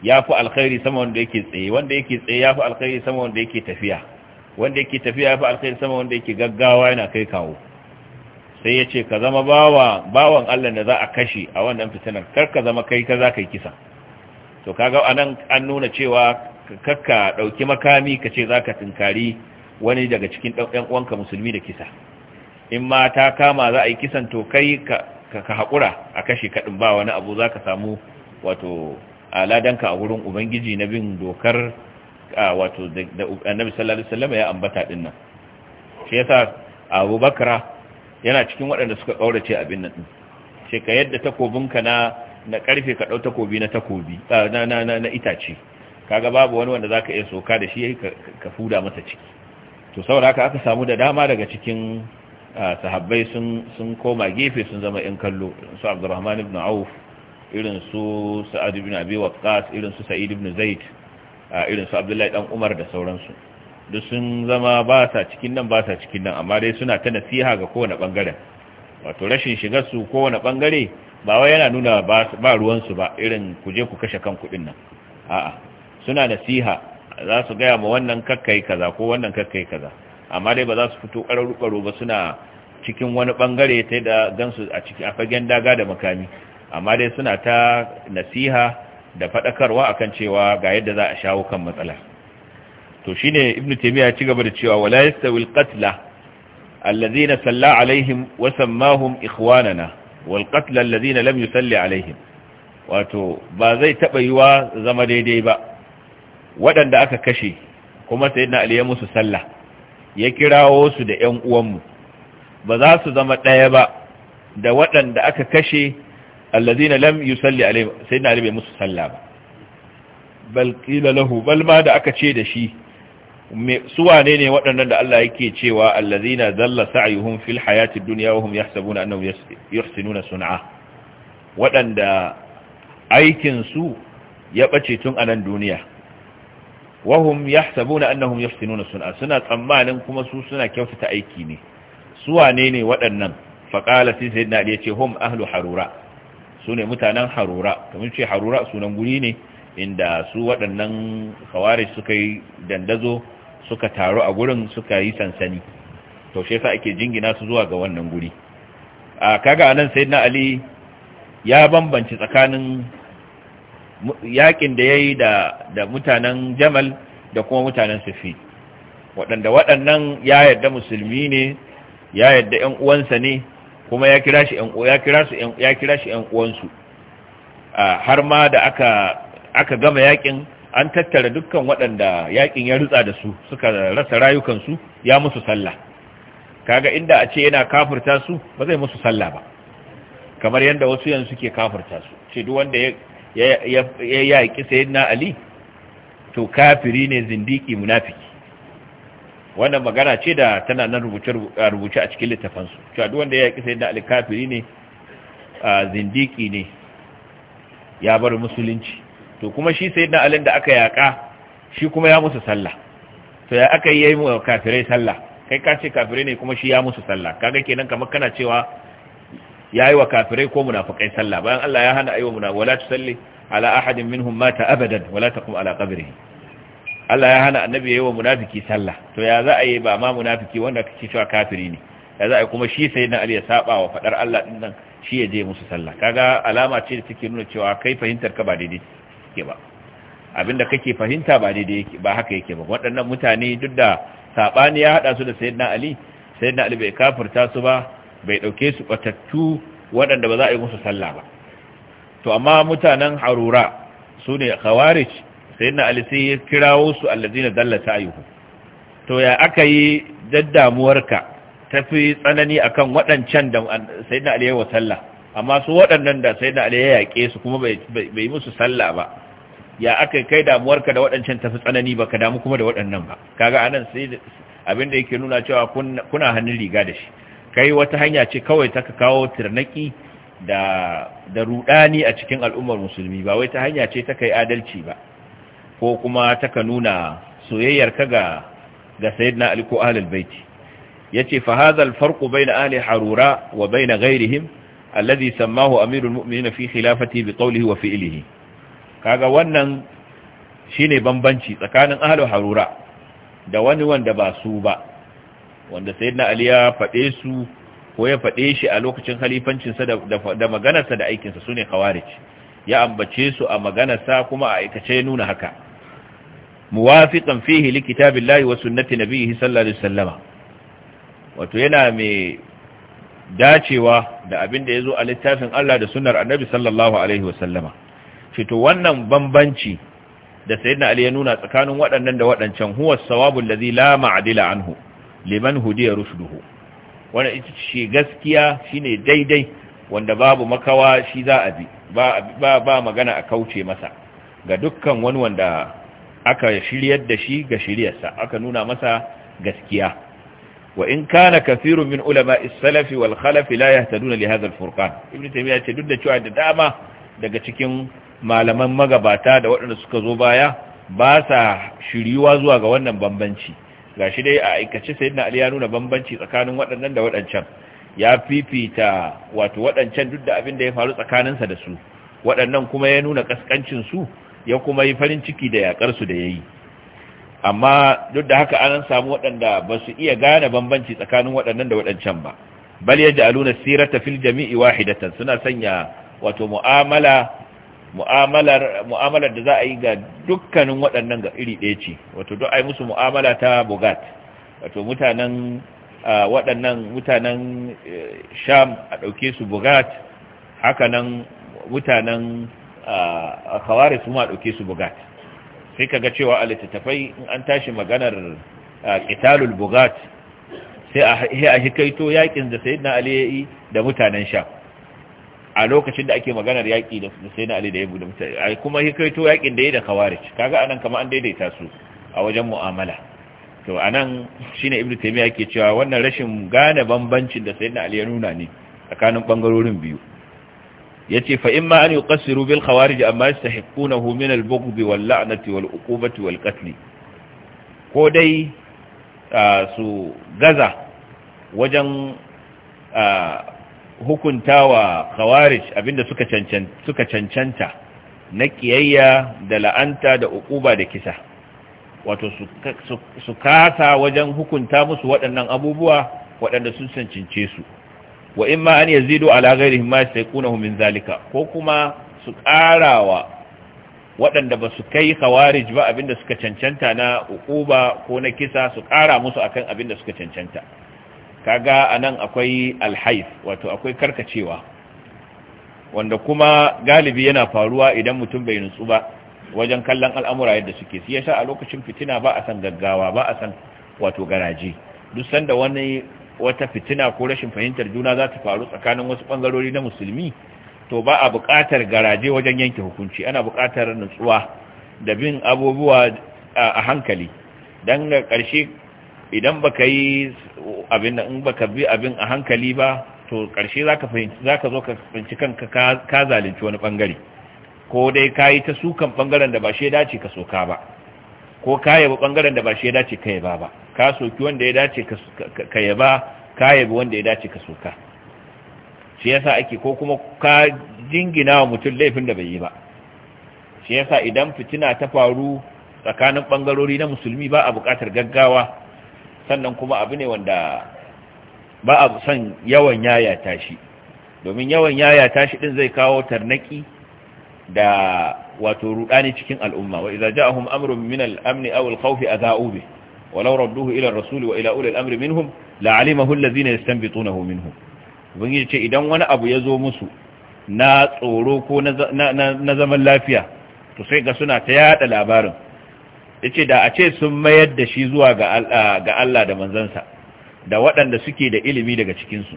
yafi alkhairi sama wanda yake tsaye wanda yake tsaye yafi alkhairi sama wanda yake tafiya wanda yake tafiya yafi alkhairi sama wanda yake gaggawa yana kai kawo sai ya ce ka zama bawan Allah da za a kashe a wannan fitinar kar ka zama kai ka za ka yi kisa to kaga anan an nuna cewa kakka ɗauki makami ka ce za ka tunkari wani daga cikin ɗan uwanka musulmi da kisa in ma ta kama za a yi kisan to kai ka haƙura a kashe kaɗin ba wani abu za ka samu wato aladanka a wurin ubangiji na bin dokar wato da annabi sallallahu alaihi wasallam ya ambata dinnan shi yasa Abu yana cikin waɗanda suka ƙaurace abin nan ce ka yadda takobinka na na ƙarfe ka ɗau takobi na takobi ah, na na na itace kaga babu wani wanda zaka iya soka da shi ya ka fuda masa ciki to saboda haka aka samu da dama daga cikin ah, sahabbai sun koma gefe sun zama yan kallo su Abdurrahman ibn Auf irin su Sa'ad ibn Abi Waqqas irin su Sa'id ibn Zaid ah, irin su Abdullahi dan Umar da sauransu da sun zama ba sa cikin nan ba sa cikin nan amma dai suna ta nasiha ga kowane bangaren wato rashin shiga su kowane bangare ba wai yana nuna ba ruwansu ba irin ku je ku kashe kan kuɗin nan a'a suna nasiha za su gaya ma wannan kakkai kaza ko wannan kakkai kaza amma dai ba za su fito ƙararru ba suna cikin wani bangare ta da gansu a cikin fagen daga da makami amma dai suna ta nasiha da faɗakarwa akan cewa ga yadda za a shawo kan matsala. to shi ne ibn taymiya ya ci gaba da cewa wala yastawil qatla alladhina salla alaihim wa sammahum ikhwanana wal qatla alladhina lam salli alaihim wato ba zai taba yiwa zama daidai ba waɗanda aka kashe kuma sayyidina ali ya musu sallah ya kirawo su da ƴan uwanmu ba za su zama ɗaya ba da waɗanda aka kashe alladhina lam salli alaihim sayyidina ali bai musu sallah ba bal qila lahu bal ma da aka ce da shi suwane ne waɗannan da Allah yake cewa allazina dalla sa'yuhum fil hayati dunya wa hum yahsabuna annahum yuhsinuna sun'a waɗanda aikin su ya bace tun anan duniya wa hum yahsabuna annahum yuhsinuna sun'a suna tsammanin kuma su suna kyautata aiki ne suwane ne waɗannan faqala sayyidina ali yace hum ahlu harura sune mutanen harura kamar ce harura sunan guri ne inda su waɗannan khawarij suka yi dandazo suka taru a gurin suka yi sansani to shi yasa ake jingina su zuwa ga wannan guri a kaga anan sayyidina ali ya bambanci tsakanin yakin da yayi da da mutanen jamal da kuma mutanen sufi waɗanda waɗannan ya yarda musulmi ne ya yarda ƴan uwansa ne kuma ya kira shi ƴan ya kira su ya kira shi uwansu har ma da aka aka gama yakin an tattara dukkan waɗanda yakin ya rutsa da su suka rasa rayukansu ya musu sallah kaga inda a ce yana kafirta su ba zai musu sallah ba kamar yadda wasu yanzu suke kafirta su ce duk wanda ya yaƙi sayyidina ali to kafiri ne zindiki munafiki wannan magana ce da tana nan rubuce a cikin littafansu cewa duk wanda ya yaƙi sayyidina ali kafiri ne zindiki ne ya bar musulunci to kuma shi sai na alin da aka yaƙa, shi kuma ya musu sallah to ya aka yi mu kafirai sallah kai ka ce kafirai ne kuma shi ya musu sallah kaga kenan kamar kana cewa ya yi wa kafirai ko munafukai sallah bayan Allah ya hana ayyuhu munafiqai wala tusalli ala ahadin minhum mata abadan wala taqum ala qabrihi Allah ya hana annabi yayi wa munafiki sallah to ya za a yi ba ma munafiki wanda kake cewa kafiri ne ya za a yi kuma shi sai ali ya saba wa fadar Allah din nan shi ya je musu sallah kaga alama ce da take nuna cewa kai fahimtar ka ba daidai suke ba abinda kake fahimta ba daidai yake ba haka yake ba waɗannan mutane duk da saɓani ya haɗa su da sayyidina ali sayyidina ali bai kafirta su ba bai dauke su batattu waɗanda ba za a yi musu sallah ba to amma mutanen harura su ne khawarij sayyidina ali sai ya kirawo su alladina dallata ayyuhu to ya aka yi daddamuwarka tafi tsanani akan waɗancan da sayyidina ali ya wa sallah amma su waɗannan da sayyidina ali ya yake su kuma bai yi musu sallah ba ya aka kai damuwarka da waɗancan tafi tsanani ba ka damu kuma da waɗannan ba kaga anan sai abin da yake nuna cewa kuna hannun riga da shi kai wata hanya ce kawai ta kawo tirnaki da da rudani a cikin al'ummar musulmi ba wai ta hanya ce ta kai adalci ba ko kuma ta ka nuna soyayyar ka ga ga sayyidina ali ko ahlul baiti yace fa hadha al-farqu bayna ahli harura wa bayna ghayrihim alladhi sammahu amirul mu'minin fi khilafati bi qawlihi wa fi'lihi kaga wannan shine bambanci tsakanin ahlul harura da wani wanda ba su ba wanda sayyidina ali ya fade su ko ya fade shi a lokacin sa da da maganarsa da aikinsa sune khawarij ya ambace su a maganarsa kuma a aikace nuna haka muwafiqan fihi likitabillahi wa sunnati nabiyhi sallallahu alaihi wasallama wato yana mai dacewa da abin da ya zo a littafin Allah da sunnar annabi sallallahu Alaihi wasallama Fito to wannan bambanci da sayyidina ali ya nuna tsakanin waɗannan da waɗancan huwa sawabu allazi la ma'dila anhu liman hudiya rushduhu wannan ita ce gaskiya shine daidai wanda babu makawa shi za a bi ba ba magana a kauce masa ga dukkan wani wanda aka shiryar da shi ga shiryarsa aka nuna masa gaskiya wa in kana kathirun min ulama salafi salaf wal khalaf la yahtaduna li hadha al-furqan ibnu ce duk da cewa da dama daga cikin malaman magabata da waɗanda suka zo baya ba sa shiriwa zuwa ga wannan bambanci ga shi dai a aikace sai na ya nuna bambanci tsakanin waɗannan da waɗancan ya fifita wato waɗancan duk da abin da ya faru tsakaninsa da su waɗannan kuma ya nuna ƙasƙancin su ya kuma yi farin ciki da yaƙar su da yayi amma duk da haka an samu waɗanda ba su iya gane bambanci tsakanin waɗannan da waɗancan ba bal yaj'aluna sirata fil jami'i wahidatan suna sanya wato mu'amala mu'amalar mu'amalar da za a yi ga dukkanin waɗannan ga iri ɗaya ce wato duk ai musu mu'amala ta bogat wato mutanen waɗannan mutanen e, sham a ɗauke su bogat haka nan mutanen kawari su ma a ɗauke su bogat sai ka ga cewa a littattafai in an tashi maganar ƙitalul bogat sai a hikaito yakin da sayidina ali da mutanen sha a lokacin da ake maganar yaƙi da Hussein Ali da da mutane ai kuma hikaito yaƙin da yayi da Khawarij kaga anan kamar an daidaita su a wajen mu'amala to anan shine Ibn Taymiyyah yake cewa wannan rashin gane bambancin da Sayyidina Ali ya nuna ne tsakanin bangarorin biyu yace fa imma an yuqassiru bil khawarij amma yastahiqunahu min al bughd wal la'nati wal uqubati wal qatl ko dai su gaza wajen hukuntawa khawarij abinda suka cancanta suka cancanta na kiyayya da la'anta da uquba da kisa wato su kasa wajen hukunta musu waɗannan abubuwa waɗanda sun cancince su wa imma an yazidu ala ghairihim ma sayqunahu min zalika ko kuma su karawa waɗanda ba su kai khawarij ba abinda suka cancanta na uquba ko na kisa su ƙara musu akan abinda suka cancanta kaga nan akwai alhaif wato akwai karkacewa wanda kuma galibi yana faruwa idan mutum bai nutsu ba wajen kallon al'amura yadda suke shi yasa a lokacin fitina ba a san gaggawa ba a san wato garaje duk sanda wani wata fitina ko rashin fahimtar juna za ta faru tsakanin wasu bangarori na musulmi to ba a buƙatar garaje wajen yanke hukunci ana buƙatar nutsuwa da bin abubuwa a hankali don ga ƙarshe idan baka yi abin in baka bi abin a hankali ba to karshe zaka fahimci zaka zo ka fahimci kanka ka zalunci wani bangare ko dai yi ta sukan bangaren da ba shi dace ka soka ba ko ka yaba bangaren da ba shi dace ka yaba ba ka soki wanda ya dace ka yaba ka yaba wanda ya dace ka soka shi yasa ake ko kuma ka jingina wa mutum laifin da bai yi ba shi yasa idan fitina ta faru tsakanin bangarori na musulmi ba a bukatar gaggawa sannan kuma abu ne wanda ba a son yawan yaya tashi domin yawan yaya tashi din zai kawo tarnaki da wato rudani cikin al'umma wa idza ja'ahum amrun min al-amn aw al-khawf adha'u bi walau radduhu ila ar-rasul wa ila ulil al-amri minhum la'alimahu alladhina yastanbitunahu minhum ubangiji ce idan wani abu ya zo musu na tsoro ko na zaman lafiya to sai ga suna ta yada labarin yace da a ce sun mayar da shi zuwa ga Allah da manzansa da waɗanda suke da ilimi daga cikinsu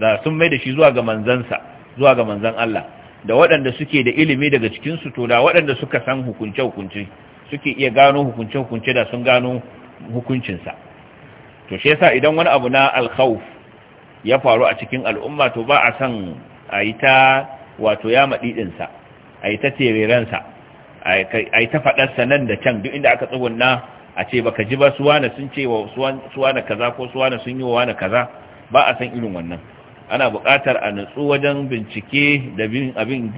da sun mayar da shi zuwa ga manzansa zuwa ga manzan Allah da waɗanda suke da ilimi daga cikinsu to da waɗanda suka san hukunce-hukunce suke iya gano hukunce-hukunce da sun gano hukuncinsa to shi yasa idan wani abu na alkhawf ya faru a cikin al'umma to ba a san a yi ta wato ya maɗiɗinsa a yi ta tererensa yi ta faɗar sanan da can duk inda aka na, a ce baka ji ba suwana sun ce wa suwana kaza ko suwana sun yi wa wani kaza ba a san irin wannan ana buƙatar a nutsu wajen bincike da bin abin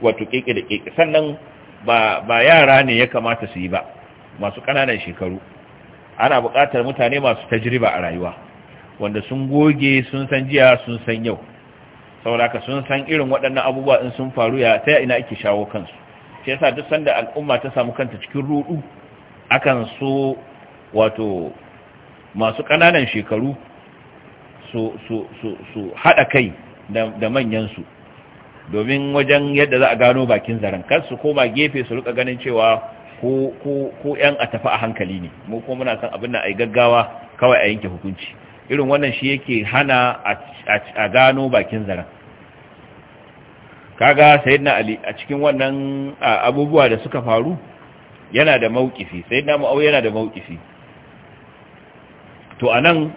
wato keke da keke sannan ba ba yara ne ya kamata su yi ba masu ƙananan shekaru ana buƙatar mutane masu tajriba a rayuwa wanda sun goge sun san jiya sun san yau saboda ka sun san irin waɗannan abubuwa in sun faru ya ta ina ake shawo kansu shi yasa duk sanda al'umma ta samu kanta cikin rudu akan so wato masu ƙananan shekaru su su su su hada kai da manyan su domin wajen yadda za a gano bakin zaren kar su koma gefe su rika ganin cewa ko ko ko yan a tafi a hankali ne mu ko muna san abin nan ai gaggawa kawai a yanke hukunci irin wannan shi yake hana a gano bakin zaren kaga sayyidina ali a cikin wannan abubuwa da suka faru yana da maukifi sayyidina mu'awiya yana da maukifi to anan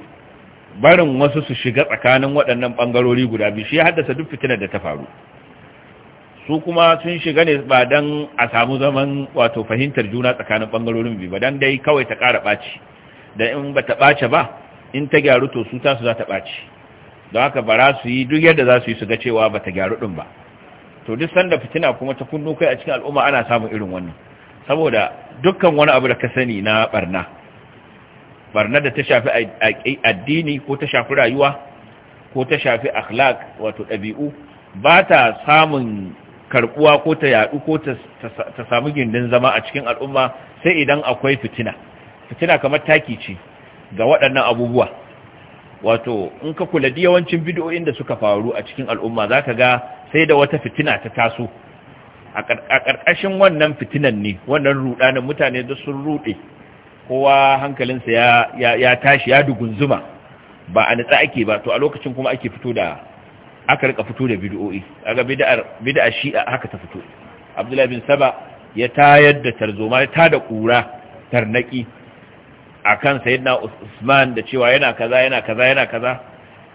barin wasu su shiga tsakanin waɗannan bangarori guda biyu shi haddasa duk fitinar da ta faru su kuma sun shiga ne ba dan a samu zaman wato fahimtar juna tsakanin bangarorin biyu ba dan dai kawai ta ƙara ɓaci da in ba ta ɓace ba in ta gyaru to su su za ta ɓaci don haka bara su yi duk yadda za su yi su ga cewa ba ta gyaru ɗin ba to duk sanda fitina kuma ta kunnu kai a cikin al'umma ana samun irin wannan saboda dukkan wani abu da ka sani na barna barna da ta shafi addini ko ta shafi rayuwa ko ta shafi akhlaq wato ɗabi'u ba ta samun karbuwa ko ta yadu ko ta samu gindin zama a cikin al'umma sai idan akwai fitina fitina kamar taki ce ga waɗannan abubuwa wato in ka kula da yawancin bidiyoin da suka faru a cikin al'umma zaka ga sai da wata fitina ta taso a ƙarƙashin wannan fitinan ne wannan rudanin mutane da sun rude kowa hankalinsa ya tashi ya dugunzuma ba a nitsa ake ba to a lokacin kuma ake fito da aka rika fito da bid'o'i aga bid'ar bid'a shi'a haka ta fito Abdullahi bin Saba ya tayar da tarzoma ya tada kura tarnaki akan sayyidina Usman da cewa yana kaza yana kaza yana kaza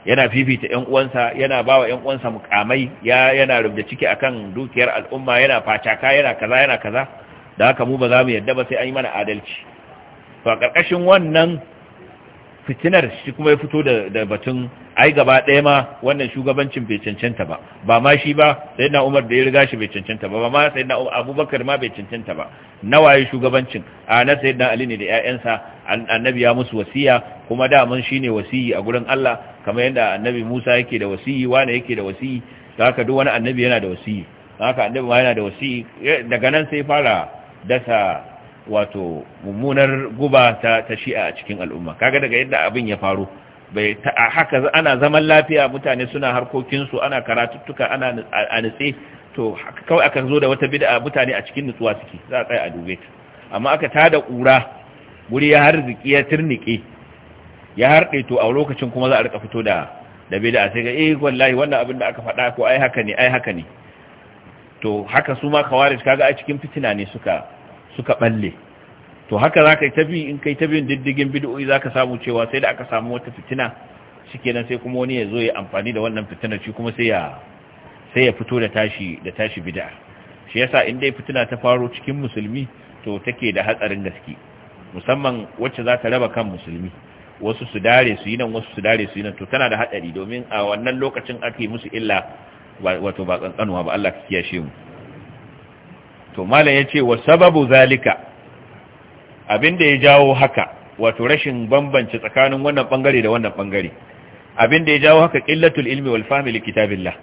yana fifita yan uwansa yana bawa yan uwansa mukamai ya yana rubda ciki akan dukiyar al'umma yana facaka yana kaza yana kaza da haka mu ba za mu yadda ba sai an yi mana adalci to a ƙarƙashin wannan fitinar shi kuma ya fito da batun ai gaba ɗaya ma wannan shugabancin bai cancanta ba ba ma shi ba sai na umar da ya riga shi bai cancanta ba ba ma sai na abubakar ma bai cancanta ba ya shugabancin a na sai na ali ne da 'ya'yansa annabi ya musu wasiya kuma daman shi ne wasiyi a gurin allah kamar yadda annabi musa yake da wasiyi wane yake da wasiyi za haka duk wani annabi yana da wasiyi za haka annabi ma yana da wasiyi daga nan sai fara dasa wato mummunar guba ta ta shi'a a cikin al'umma kaga daga yadda abin ya faru bai haka ana zaman lafiya mutane suna harkokinsu ana karatuttuka ana anitse to kawai aka zo da wata bid'a mutane a cikin nutsuwa suke za a tsaya a dube ta amma aka tada kura guri ya harziki ya turnike ya harde to a lokacin kuma za a rika fito da da bid'a sai ga eh wallahi wannan abin da aka faɗa ko ai haka ne ai haka ne to haka su ma kawarij kaga a cikin fitina ne suka suka balle to haka za ka yi tabi in ka yi tabin diddigin bidu'i za ka samu cewa sai da aka samu wata fitina shikenan sai kuma wani ya zo ya amfani da wannan fitinar shi kuma sai ya sai ya fito da tashi da tashi bid'a shi yasa in dai fitina ta faro cikin musulmi to take da hatsarin gaske musamman wacce za ta raba kan musulmi wasu su dare su yi nan wasu su dare su yi nan to tana da hatsari domin a wannan lokacin ake musu illa wato ba kankanuwa ba Allah ka kiyashe mu to malam yace wa sababu zalika abinda ya jawo haka wato rashin bambanci tsakanin wannan bangare da wannan bangare abinda ya jawo haka qillatul ilmi wal fahmi li kitabillah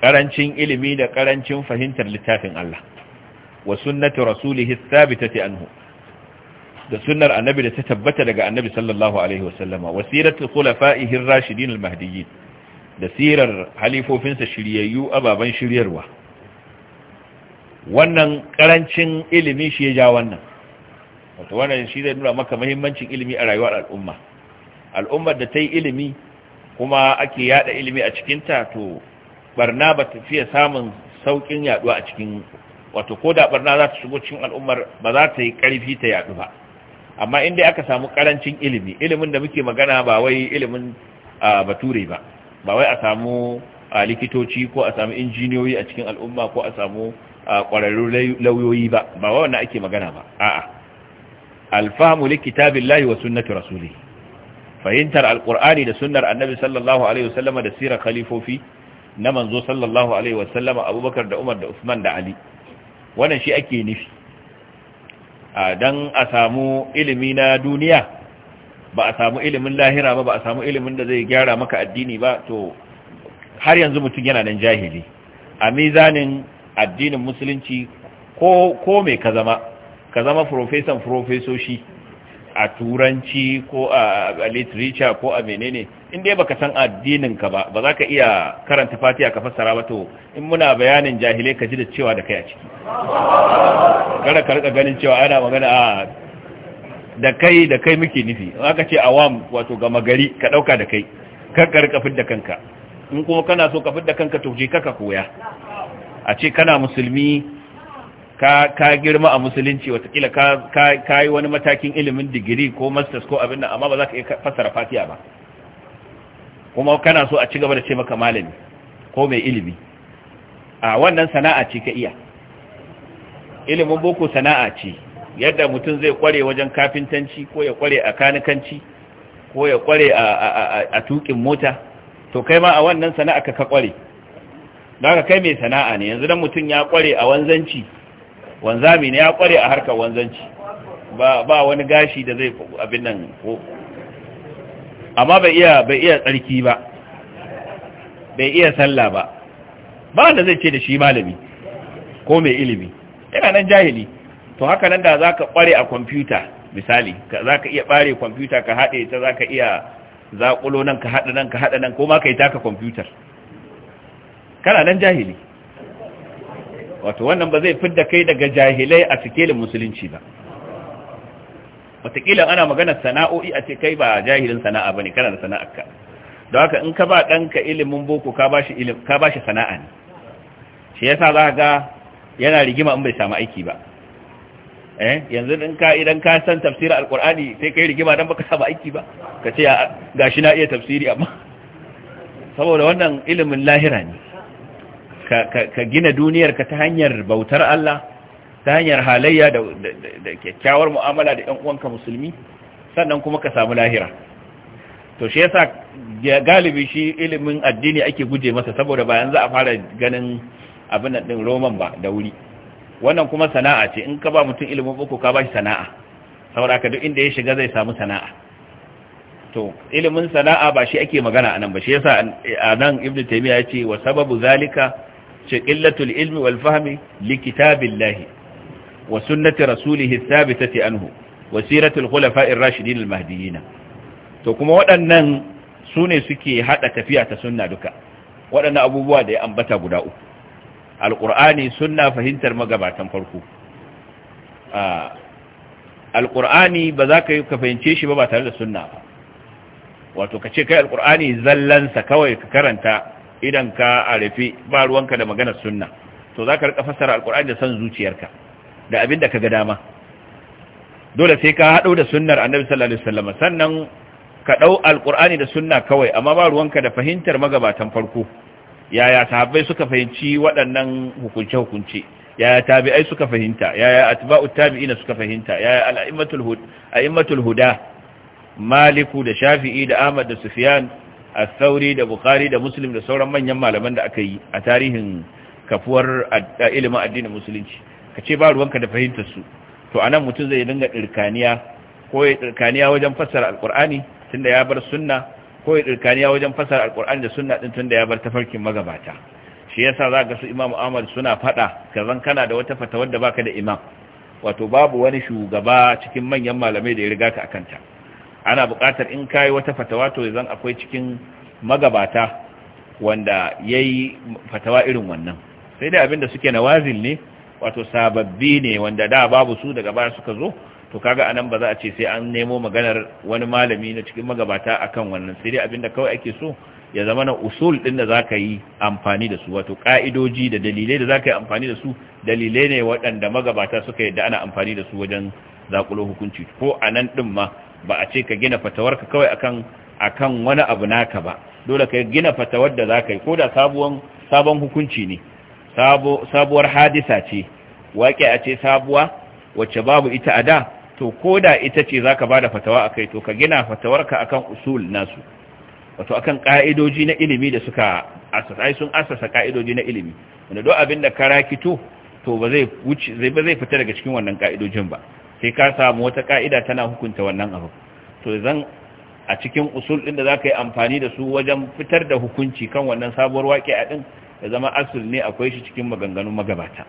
karancin ilimi da karancin fahimtar littafin Allah wa sunnati rasulihi thabitati anhu da sunnar annabi da ta tabbata daga annabi sallallahu alaihi wasallama wa siratul khulafa'ihi ar-rashidin al-mahdiyyin da sirar halifofinsa shiryayyu ababan shiryarwa wannan karancin ilimi shi ya ja wannan wato wannan shi zai nuna maka muhimmancin ilimi a rayuwar al'umma al'ummar da ta yi ilimi kuma ake yada ilimi a cikinta to barna ba ta fiye samun saukin yaduwa a cikin wato ko da barna za ta shigo cikin al'ummar ba za ta yi karfi ta yadu ba amma inda aka samu karancin ilimi ilimin da muke magana ba wai ilimin bature ba ba wai a samu likitoci ko a samu injiniyoyi a cikin al'umma ko a samu kwararru lauyoyi ba ba wannan ake magana ba a'a alfahamu li wa sunnati rasuli fahimtar alqur'ani da sunnar annabi sallallahu alaihi wasallama da sirar khalifofi na manzo sallallahu alaihi wasallama abubakar da umar da usman da ali wannan shi ake nufi dan a samu ilimi na duniya ba a samu ilimin lahira ba ba a samu ilimin da zai gyara maka addini ba to har yanzu mutum yana nan jahili a mizanin addinin musulunci ko ko me ka zama ka zama profesan profesoshi a turanci ko a literature ko a menene in dai baka san addinin ka ba ba za ka iya karanta fatiya ka fassara ba to in muna bayanin jahilai ka ji da cewa da kai a ciki kada ka rika ganin cewa ana magana a da kai da kai muke nufi aka ce awam wato gama gari ka dauka da kai kar ka rika fidda kanka in kuma kana so ka fidda kanka to je kaka koya a ce kana musulmi ka girma a musulunci watakila ka ka wani matakin ilimin digiri ko masters ko abin nan amma ba za ka iya fassara fatiya ba kuma kana so a ci gaba da ce maka malami ko mai ilimi a wannan sana'a ce ka iya ilimin boko sana'a ce yadda mutum zai kware wajen kafintanci ko ya kware a kanikanci ko ya kware a tukin mota to kai ma a wannan sana'a ka ka kware daga kai mai sana'a ne yanzu dan mutum ya kware a wanzanci wanzami ne ya kware a harkar wanzanci ba ba wani gashi da zai abin nan ko amma bai iya bai iya tsarki ba bai iya sallah ba ba da zai ce da shi malami ko mai ilimi yana nan jahili to haka nan da zaka kware a kwamfuta misali zaka iya bare kwamfuta ka haɗe ta zaka iya zakulo nan ka haɗa nan ka haɗa nan ko ma kai taka kwamfutar kana nan jahili wato wannan ba zai fidda kai daga jahilai a cikin musulunci ba wataƙila ana magana sana'o'i a ce kai ba jahilin sana'a ba ne kana da sana'ar ka don haka in ka ba danka ilimin boko ka ba shi sana'a ne shi yasa za ga yana rigima in bai samu aiki ba eh yanzu in ka idan ka san tafsirin alqur'ani sai kai rigima dan baka samu aiki ba ka ce gashi na iya tafsiri amma saboda wannan ilimin lahira ne ka gina duniyarka ta hanyar bautar Allah ta hanyar halayya da kyakkyawar mu'amala da ɗan uwanka musulmi sannan kuma ka samu lahira to shi yasa galibi shi ilimin addini ake guje masa saboda bayan za a fara ganin abin din roman ba da wuri wannan kuma sana'a ce in ka ba mutum ilimin boko ka ba shi sana'a saboda ka duk inda ya shiga zai samu sana'a to ilimin sana'a ba shi ake magana anan ba shi yasa anan ibnu taymiya ce wa sababu zalika ce qillatul ilmi wal fahmi li kitabillahi wa sunnati rasulihi thabitati anhu wa siratul khulafa'ir rashidin al mahdiyina to kuma waɗannan sune suke hada tafiya ta sunna duka waɗannan abubuwa da ya ambata guda uku alqur'ani sunna fahimtar magabatan farko alqur'ani ba za ka yi ka fahimce shi ba ba tare da sunna ba wato ka ce kai alqur'ani zallansa kawai ka karanta idan ka a rufe ba ruwanka da maganar sunna to za ka rika fassara alkur'ani da son zuciyarka da abin da ka ga dama dole sai ka haɗo da sunnar annabi sallallahu alaihi wasallam sannan ka ɗau alkur'ani da sunna kawai amma ba ruwanka da fahimtar magabatan farko yaya sahabbai suka fahimci waɗannan hukunce-hukunce yaya tabi'ai suka fahimta yaya atba'u tabi'ina suka fahimta yaya al'immatul huda maliku da shafi'i da ahmad da sufyan al-thauri da bukhari da muslim da sauran manyan malaman da aka yi a tarihin kafuwar ilimin addinin musulunci ka ce ba ruwanka da fahimtar su to anan mutum zai dinga dirkaniya ko ya dirkaniya wajen fassara alqur'ani tunda ya bar sunna ko ya dirkaniya wajen fassara alqur'ani da sunna din tunda ya bar tafarkin magabata shi yasa za ga su imam ahmad suna fada kazan kana da wata fatawar da baka da imam wato babu wani shugaba cikin manyan malamai da ya riga ka akanta ana buƙatar in kayi wata fatawa to zan akwai cikin magabata wanda ya fatawa irin wannan sai dai abinda suke na wazil ne wato sababbi ne wanda da babu su daga baya suka zo to kaga anan ba za a ce sai an nemo maganar wani malami na cikin magabata akan wannan sai dai abinda kawai ake so ya zama na usul din da zaka yi amfani da su wato ka'idoji da dalilai da zaka yi amfani da su dalilai ne waɗanda magabata suka yadda ana amfani da su wajen zakulo hukunci ko anan din ma ba a ce ka gina fatawarka kawai akan akan wani abu naka ba dole ka gina fatawar da zaka yi koda sabuwan sabon hukunci ne sabo sabuwar hadisa ce waƙi a ce sabuwa wacce babu ita a da to koda ita ce za zaka bada fatawa a kai to ka gina fatawarka akan usul nasu wato akan ka'idoji na ilimi da suka asasa sun asasa ka'idoji na ilimi wanda duk abin da ka rakito to ba zai wuce zai ba zai fita daga cikin wannan ka'idojin ba sai ka samu wata ka'ida tana hukunta wannan abu to zan a cikin usul ɗin da za ka yi amfani da su wajen fitar da hukunci kan wannan sabuwar waƙe a ɗin ya zama asul ne akwai shi cikin maganganun magabata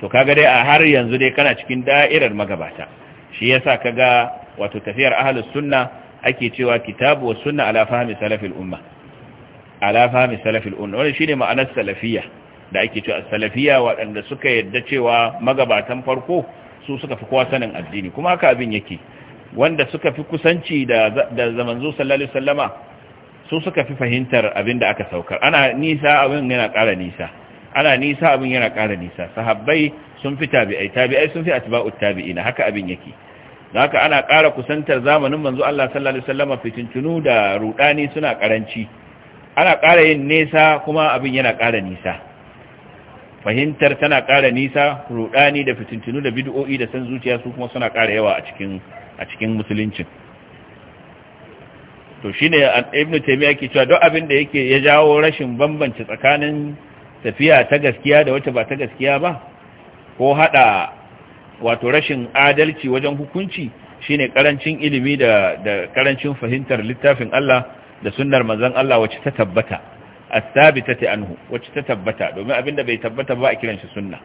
to kaga dai a har yanzu dai kana cikin da'irar magabata shi yasa ga wato tafiyar ahlus sunna ake cewa kitabu was sunna ala fahmi salafil umma ala fahmi salafil umma wannan shine ma'anar salafiyya da ake cewa salafiyya waɗanda suka yadda cewa magabatan farko su suka fi kowa sanin addini kuma haka abin yake wanda suka fi kusanci da da zamanzo sallallahu alaihi wasallama su suka fi fahimtar abin da aka saukar ana nisa abin yana ƙara nisa ana nisa abin yana ƙara nisa sahabbai sun fi tabi'ai tabi'ai sun fi atba'ut tabi'ina haka abin yake da haka ana ƙara kusantar zamanin manzo Allah sallallahu alaihi wasallama fitintunu da rudani suna ƙaranci? ana ƙara yin nesa kuma abin yana ƙara nisa fahimtar tana ƙara nisa rudani da fitintinu da bid'o'i da san zuciya su kuma suna ƙara yawa a cikin a cikin musuluncin to shine ibn taymiya ke cewa duk abin da yake ya jawo rashin bambanci tsakanin tafiya ta gaskiya da wata ba ta gaskiya ba ko hada wato rashin adalci wajen hukunci shine karancin ilimi da da karancin fahimtar littafin Allah da sunnar manzon Allah wacce ta tabbata as-sabitati anhu wacce ta tabbata domin abinda bai tabbata ba a kiran shi sunna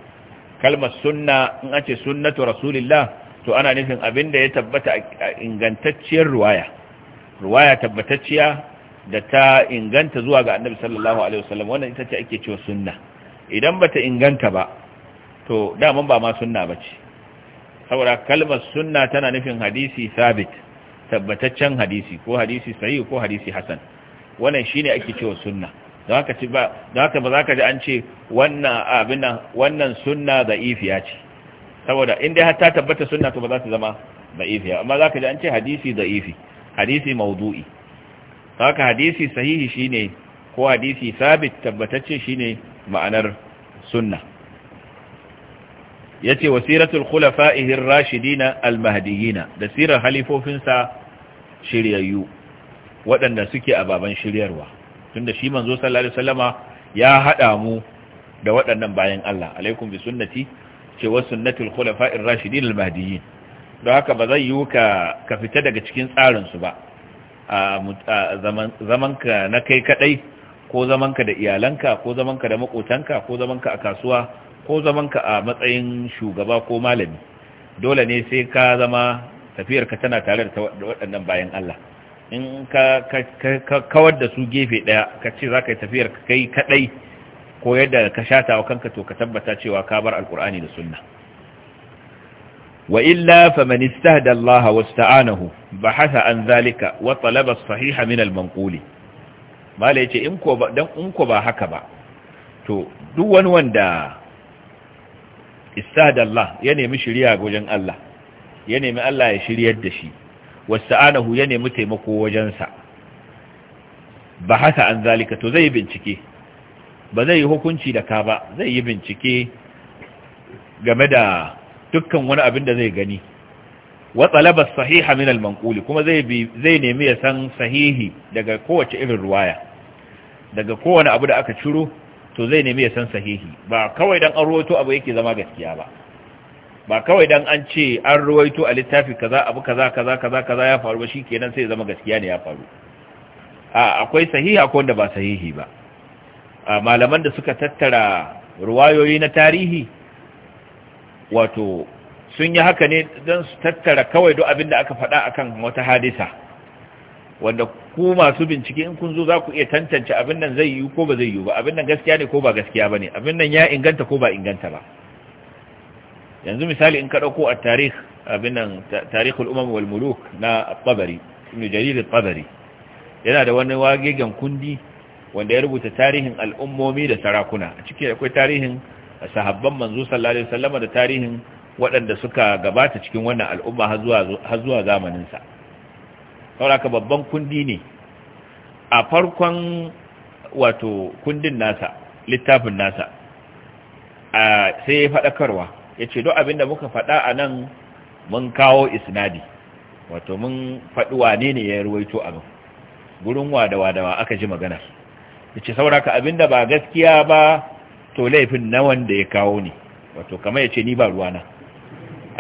kalmar sunna in an ce sunnatu rasulillah to ana nufin abinda ya tabbata a ingantacciyar ruwaya ruwaya tabbatacciya da ta inganta zuwa ga annabi sallallahu alaihi wasallam wannan ita ce ake cewa sunna idan bata inganta ba to daman ba ma ba ce saura kalmar sunna tana nufin hadisi sabit tabbataccen hadisi ko hadisi sahih ko hadisi Hassan wannan shine ake cewa sunna da haka ba za ka ji an ce wannan sunna da ce saboda inda ta tabbata sunna to ba za ta zama za'ifiya. amma za ka ji an ce hadisi za'ifi hadisi maudu'i haka hadisi sahihi shine ko hadisi sabit tabbatacce shine ma'anar sunna yace wasiratul kula fa'ihin rashidina al-mahdiyina da sirar halifofinsa shiryayyu waɗanda suke a baban shiryarwa tunda shi manzo sallallahu alaihi wasallama ya hada mu da waɗannan bayan Allah alaikum bi sunnati ce wa sunnatul khulafa'ir rashidin al-mahdiyyin don haka ba zai yi ka ka fita daga cikin tsarin su ba a zaman zamanka na kai kadai ko zamanka da iyalanka ko zamanka da makotanka ko zamanka a kasuwa ko zamanka a matsayin shugaba ko malami dole ne sai ka zama tafiyarka tana tare da waɗannan bayan Allah in ka kawar da su gefe daya ka ce za ka yi tafiyar ka kai kaɗai ko yadda ka shata wa kanka to ka tabbata cewa ka bar alkur'ani da sunna wa illa faman istahda Allah wasta'anahu bahatha an zalika wa talaba as-sahiha min al-manquli mala yace in ko ba dan in ko ba haka ba to duk wani wanda istahda Allah ya nemi shiriya gojen Allah ya nemi Allah ya shiryar da shi wasta'anahu ya nemi taimako wajensa ba haka an zalika to zai yi bincike ba zai yi hukunci da ka ba zai yi bincike game da dukkan wani abin da zai gani wa talaba sahiha min al kuma zai nemi ya san sahihi daga kowace irin ruwaya daga kowane abu da aka ciro to zai nemi ya san sahihi ba kawai dan an abu yake zama gaskiya ba ba kawai dan an ce an ruwaito a littafi kaza abu kaza kaza kaza kaza ya faru ba shikenan sai zama gaskiya ne ya faru a akwai sahihi akwai wanda ba sahihi ba A malaman da suka tattara ruwayoyi na tarihi wato sun yi haka ne don su tattara kawai duk abin da aka faɗa akan wata hadisa wanda ku masu bincike in kun zo za ku iya tantance abin nan zai yi ko ba zai yi ba abin nan gaskiya ne ko ba gaskiya ba ne abin nan ya inganta ko ba inganta ba yanzu misali in ka dauko a tarih abin nan tarikhul umam muluk na tabari ibn jarir tabari yana da wani wagegen kundi wanda ya rubuta tarihin al'ummomi da sarakuna a cikin akwai tarihin sahabban manzo sallallahu alaihi wasallam da tarihin waɗanda suka gabata cikin wannan al'umma har zuwa zamaninsa sauraka babban kundi ne a farkon wato kundin nasa littafin nasa sai ya faɗakarwa Ya ce duk abinda muka faɗa a nan mun kawo isnadi wato mun faɗi wane ne ya ruwaito a nan gurin wadawa-dawa aka ji magana ce sauraka abinda ba gaskiya ba to laifin na wanda ya kawo ne wato kamar ce ni ba ruwana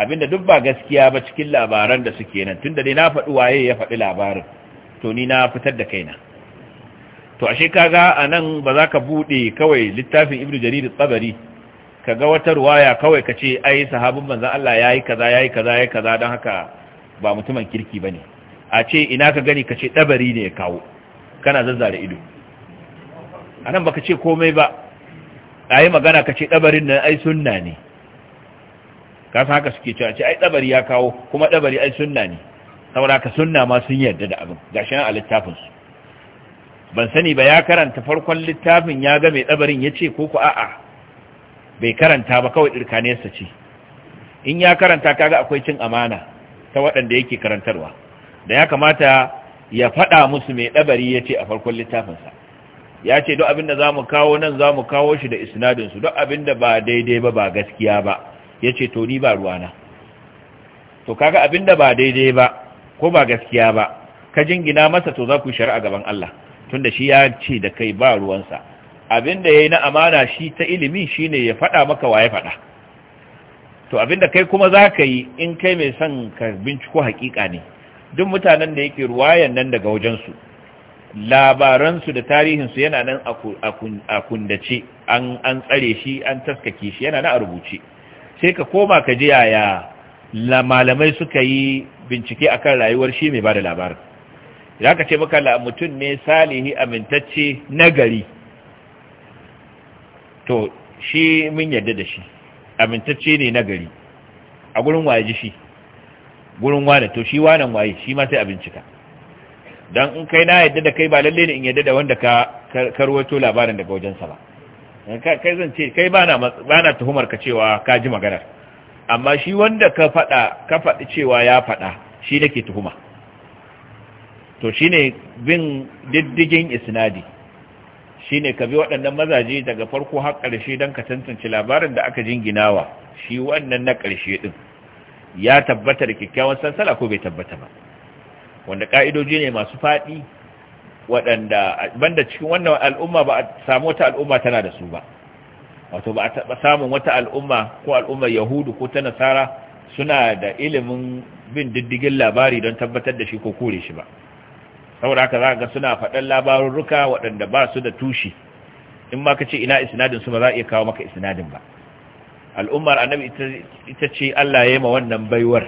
abinda duk ba gaskiya ba cikin labaran da suke nan tunda dai na faɗi waye ya faɗi labarin to ni na fitar da kaina to ashe kaga anan ba za ka buɗe kawai littafin ibnu jarir tsabari ka ga wata ruwaya kawai ka ce ai sahabin manzan Allah ya yi kaza ya yi kaza ya yi kaza don haka ba mutumin kirki ba ne a ce ina ka gani ka ce ɗabari ne ya kawo kana zazzare ido a nan ba ka ce komai ba a yi magana ka ce ɗabarin nan ai sunna ne ka san haka suke cewa ce ai ɗabari ya kawo kuma ɗabari ai sunna ne saboda ka sunna ma sun yarda da abin gashi nan a littafinsu ban sani ba ya karanta farkon littafin ya ga mai ɗabarin ya ce ko ku a'a bai karanta ba kawai irkaniyarsa ce in ya karanta kaga akwai cin amana ta waɗanda yake karantarwa da ya kamata ya faɗa musu mai ɗabari ya ce a farkon littafinsa ya ce duk abinda za mu kawo nan za mu kawo shi da isnadinsu duk abinda ba daidai ba ba gaskiya ba ya ce to ni ba ruwana to kaga abinda ba daidai ba ko ba gaskiya ba ka jingina masa to za ku shari'a gaban Allah tunda shi ya ce da kai ba ruwansa Abin da ya yi na amana shi ta ilimi shi ne ya faɗa maka waye faɗa to abinda kai kuma za ka yi in kai mai son ka binciko hakika ne duk mutanen da yake ruwayan nan daga wajensu labaransu da tarihinsu yana nan a kundace an tsare shi an taskake shi yana nan a rubuce sai ka koma ka ji yaya malamai suka yi bincike akan rayuwar shi mai ba da labarin idan ka ce maka mutum ne salihi amintacce nagari to shi mun yarda da shi amintacce ne na gari a gurin waye ji shi gurin wane to shi wanan waye shi ma sai abincika. Don dan in kai na yadda da kai ba lalle ne in yadda da wanda ka karwato labarin daga wajensa ba eh, kai zan ce kai ba na tuhumar ka cewa ka ji maganar amma shi wanda ka fada ka fadi cewa ya fada shi nake tuhuma to shine bin diddigin isnadi Shi ne ka bi waɗannan mazaje daga farko har ƙarshe don ka tantance labarin da aka jinginawa shi wannan na ƙarshe ɗin ya tabbata da kyakkyawan sansala ko bai tabbata ba wanda ƙa'idoji ne masu faɗi waɗanda banda cikin wannan al'umma ba a samu wata al'umma tana da su ba wato ba a samun wata al'umma ko al'ummar yahudu ko ta nasara suna da ilimin bin diddigin labari don tabbatar da shi ko kore shi ba saboda haka za ga suna faɗan labarurruka waɗanda ba su da tushi in ma ka ce ina isnadin su ba za a iya kawo maka isnadin ba al'ummar annabi ita ce Allah ya yi ma wannan baiwar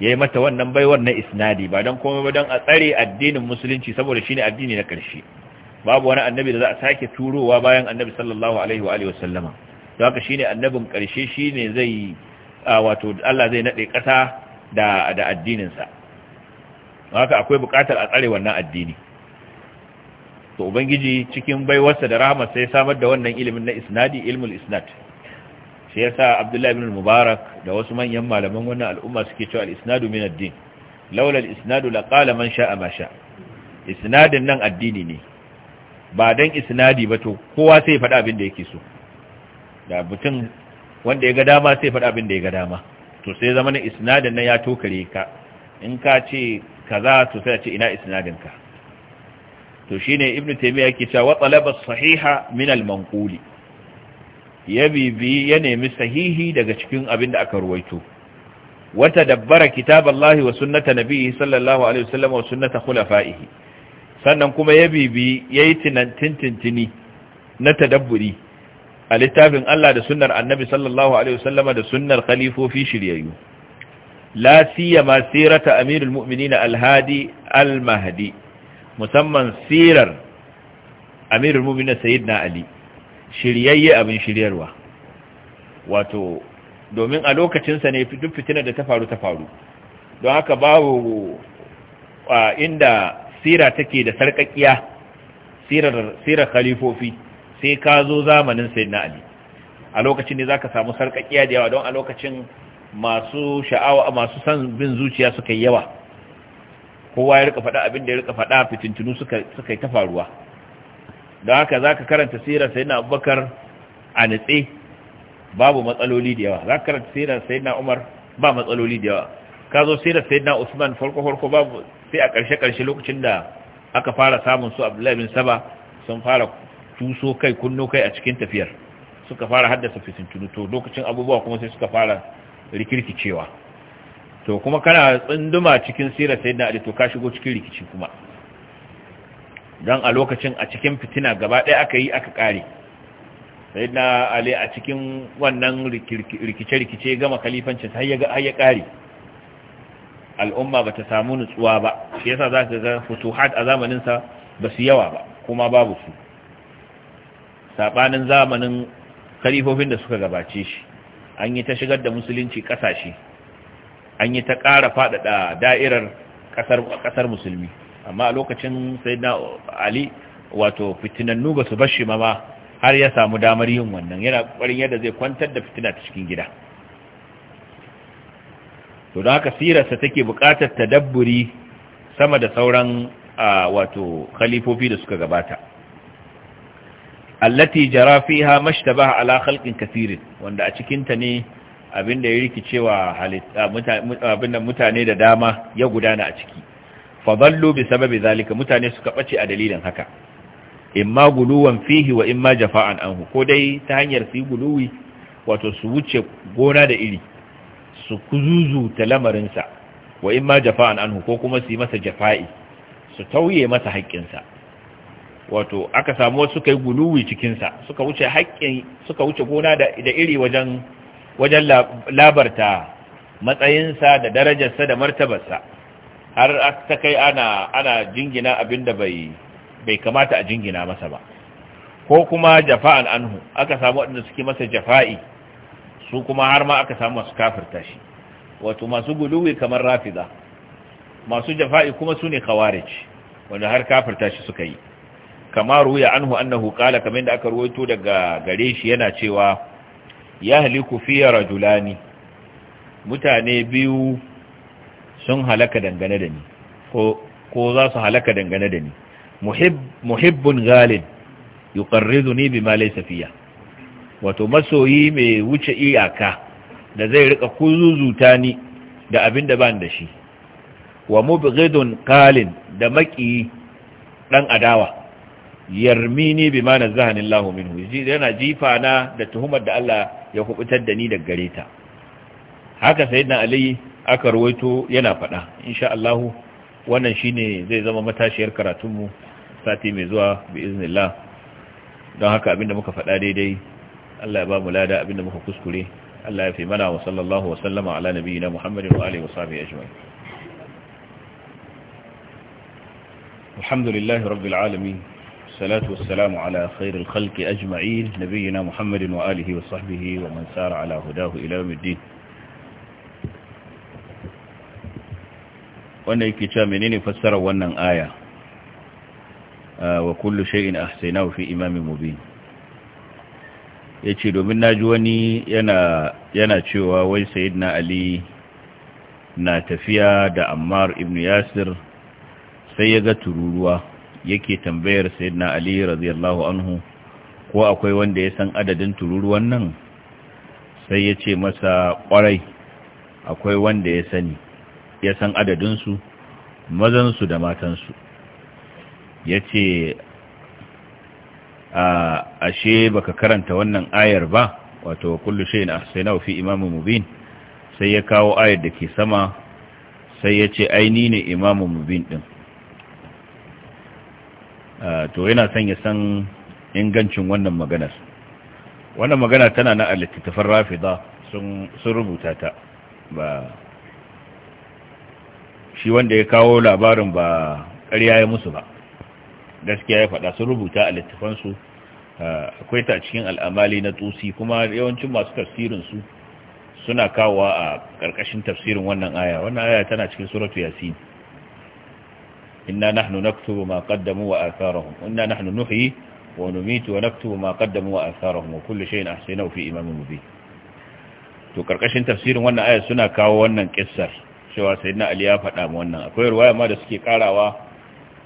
ya yi mata wannan baiwar na isnadi ba don komai ba don a tsare addinin musulunci saboda ne addini na ƙarshe babu wani annabi da za a sake turowa bayan annabi sallallahu alaihi wa alihi wasallama don haka ne annabin ƙarshe shine zai wato Allah zai naɗe ƙasa da addininsa. addinin sa haka akwai bukatar a tsare wannan addini to ubangiji cikin baiwarsa da rahama sai samar da wannan ilimin na isnadi ilmul isnad shi yasa abdullahi ibn mubarak da wasu manyan malaman wannan al'umma suke cewa al-isnadu min ad-din laula al-isnadu laqala man sha'a ma sha isnadin nan addini ne ba dan isnadi ba to kowa sai ya faɗa abin da yake so da mutum wanda ya ga dama sai faɗa abin da ya ga dama to sai zama na isnadin nan ya tokare ka in ka ce kaza to sai ce ina isnadinka to shine ibnu taymiya yake cewa wa talaba sahiha min al-manquli ya bibi ya nemi sahihi daga cikin abin da aka ruwaito wata dabbara kitaballahi wa sunnata nabiyhi sallallahu alaihi wasallam wa sunnata khulafa'ihi sannan kuma ya bibi yayi tinantintini na tadabburi a littafin Allah da sunnar annabi sallallahu alaihi wasallam da sunnar khalifofi shiryayyu la siyama sirata amirul mu'minin al-hadi al-mahdi musamman sirar amirul mu'minin sayyidina ali shiryayye abin shiryarwa wato domin a lokacinsa ne duk fitinar da ta faru ta faru don haka babu inda sira take da sarƙaƙiya sirar khalifofi sai ka zo zamanin sayyidina ali a lokacin ne za ka samu sarƙaƙiya da yawa don a lokacin masu sha'awa masu san bin zuciya suka yi yawa kowa ya rika faɗa abin da ya rika faɗa fitintunu suka yi ta faruwa don haka za ka karanta sirar na Abubakar a nitse babu matsaloli da yawa za ka karanta sirar na Umar ba matsaloli da yawa ka zo sirar na Usman farko farko babu sai a ƙarshe ƙarshe lokacin da aka fara samun su Abdullahi bin Saba sun fara tuso kai kunno kai a cikin tafiyar suka fara haddasa fitintunu to lokacin abubuwa kuma sai suka fara rikirkicewa to kuma kana tsunduma cikin sirar sayyidina ali to ka shigo cikin rikici kuma dan a lokacin a cikin fitina gaba ɗaya aka yi aka ƙare sayyidina ali a cikin wannan rikice-rikice gama kalifancin har ya ƙare al'umma ba ta samu nutsuwa ba shi yasa za ka ga futuhat a zamaninsa ba su yawa ba kuma babu su saɓanin zamanin kalifofin da suka gabace shi an yi ta shigar da musulunci kasashe an yi ta ƙara faɗaɗa da'irar ƙasar musulmi amma a lokacin sai na ali wato fitinannu ba su bashi ma har ya samu damar yin wannan yana ƙwarin yadda zai kwantar da fitina ta cikin gida to don haka sirarsa take buƙatar tadabburi sama da sauran wato khalifofi da suka gabata allati jara fiha mashtabaha ala khalqin kathir wanda a cikin ta ne abinda ya rikicewa abinda mutane da dama ya gudana a ciki fadallu bi sababi zalika mutane suka bace a dalilin haka imma guluwan fihi wa imma jafa'an anhu ko dai ta hanyar su guluwi wato su wuce gona da iri su kuzuzu ta lamarinsa wa imma jafa'an anhu ko kuma su yi masa jafa'i su tauye masa haƙƙinsa wato aka samu wasu kai guluwi cikinsa suka wuce haƙƙin suka wuce gona da iri wajen wajen labarta matsayinsa da darajarsa da martabarsa har ta kai ana ana jingina abin da bai bai kamata a jingina masa ba ko kuma jafa'an anhu aka samu waɗanda suke masa jafa'i su kuma har ma aka samu masu kafirta shi wato masu guluwi kamar rafida masu jafa'i kuma su ne kawarij wanda har kafirta shi suka yi kamar ruya anhu annahu qala kamar da aka ruwaito daga gare shi yana cewa haliku fiya rajulani mutane biyu sun halaka dangane da ni ko ko za su halaka dangane da ni muhib muhibbun ghalib yuqarriduni bima laysa fiya wato masoyi mai wuce iyaka da zai rika kuzuzuta ni da abin da ban da shi wa mubghidun qalin da maki dan adawa yarmini bima zahanin lahu minhu yana jifa na da tuhumar da Allah ya kubutar da ni daga gare ta haka na Ali aka ruwaito yana faɗa insha Allah wannan shine zai zama matashiyar karatun mu sati mai zuwa bi iznillah don haka abinda muka faɗa daidai Allah ya ba mu lada abinda muka kuskure Allah ya fi mana wa sallallahu wa sallama ala nabiyyina Muhammadin wa alihi wa sahbihi ajma'in Alhamdulillahi rabbil alamin والصلاة والسلام على خير الخلق أجمعين نبينا محمد وآله وصحبه ومن سار على هداه إلى يوم الدين wannan yake cewa menene fassarar wannan aya wa kullu shay'in ahsaynahu fi imamin mubin yace domin na ji wani yana cewa wai sayyidina ali na tafiya da ammar ibn yasir sai ya ga tururuwa yake tambayar sayyidina ali radiyallahu anhu ko akwai wanda ya san adadin tururuwan nan sai ya ce masa kwarai akwai wanda ya sani ya san adadinsu mazansu da matansu ya ce a ashe baka karanta wannan ayar ba wato kullu shayin ahsanahu fi imamin mubin sai ya kawo ayar da ke sama sai yace ce aini ne imamin mubin din Ah, to yana son ya san ingancin wannan maganar wannan magana tana na littattafan rafida sun rubuta ta ba shi wanda ya kawo labarin ba ƙarya ya musu ba gaskiya ya faɗa sun rubuta a littafansu ah, akwai ta cikin al'amali na tusi kuma yawancin masu tafsirinsu suna kawowa a ƙarƙashin tafsirin wannan aya wannan aya tana cikin suratu yasin inna nahnu naktubu ma qaddamu wa atharahum inna nahnu nuhyi wa numitu wa naktubu ma qaddamu wa atharahum wa kullu shay'in ahsaynahu fi imamin mubin to karkashin tafsirin wannan aya suna kawo wannan kissar cewa sayyidina ali ya faɗa mu wannan akwai riwaya ma da suke karawa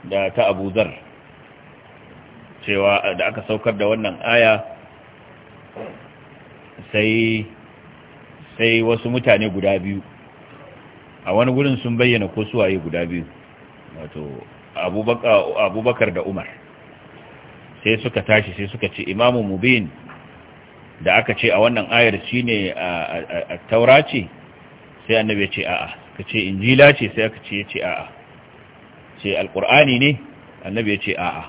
da ta Abu Zar cewa da aka saukar da wannan aya sai sai wasu mutane guda biyu a wani gurin sun bayyana ko suwaye guda biyu wato abubakar da umar sai suka tashi sai suka ce imamu mubin da aka ce a wannan ayar shi ne a taura ce sai annabi ya ce a'a ka ce injila ce sai aka ce ya ce a'a ce alkur'ani ne annabi ya ce a'a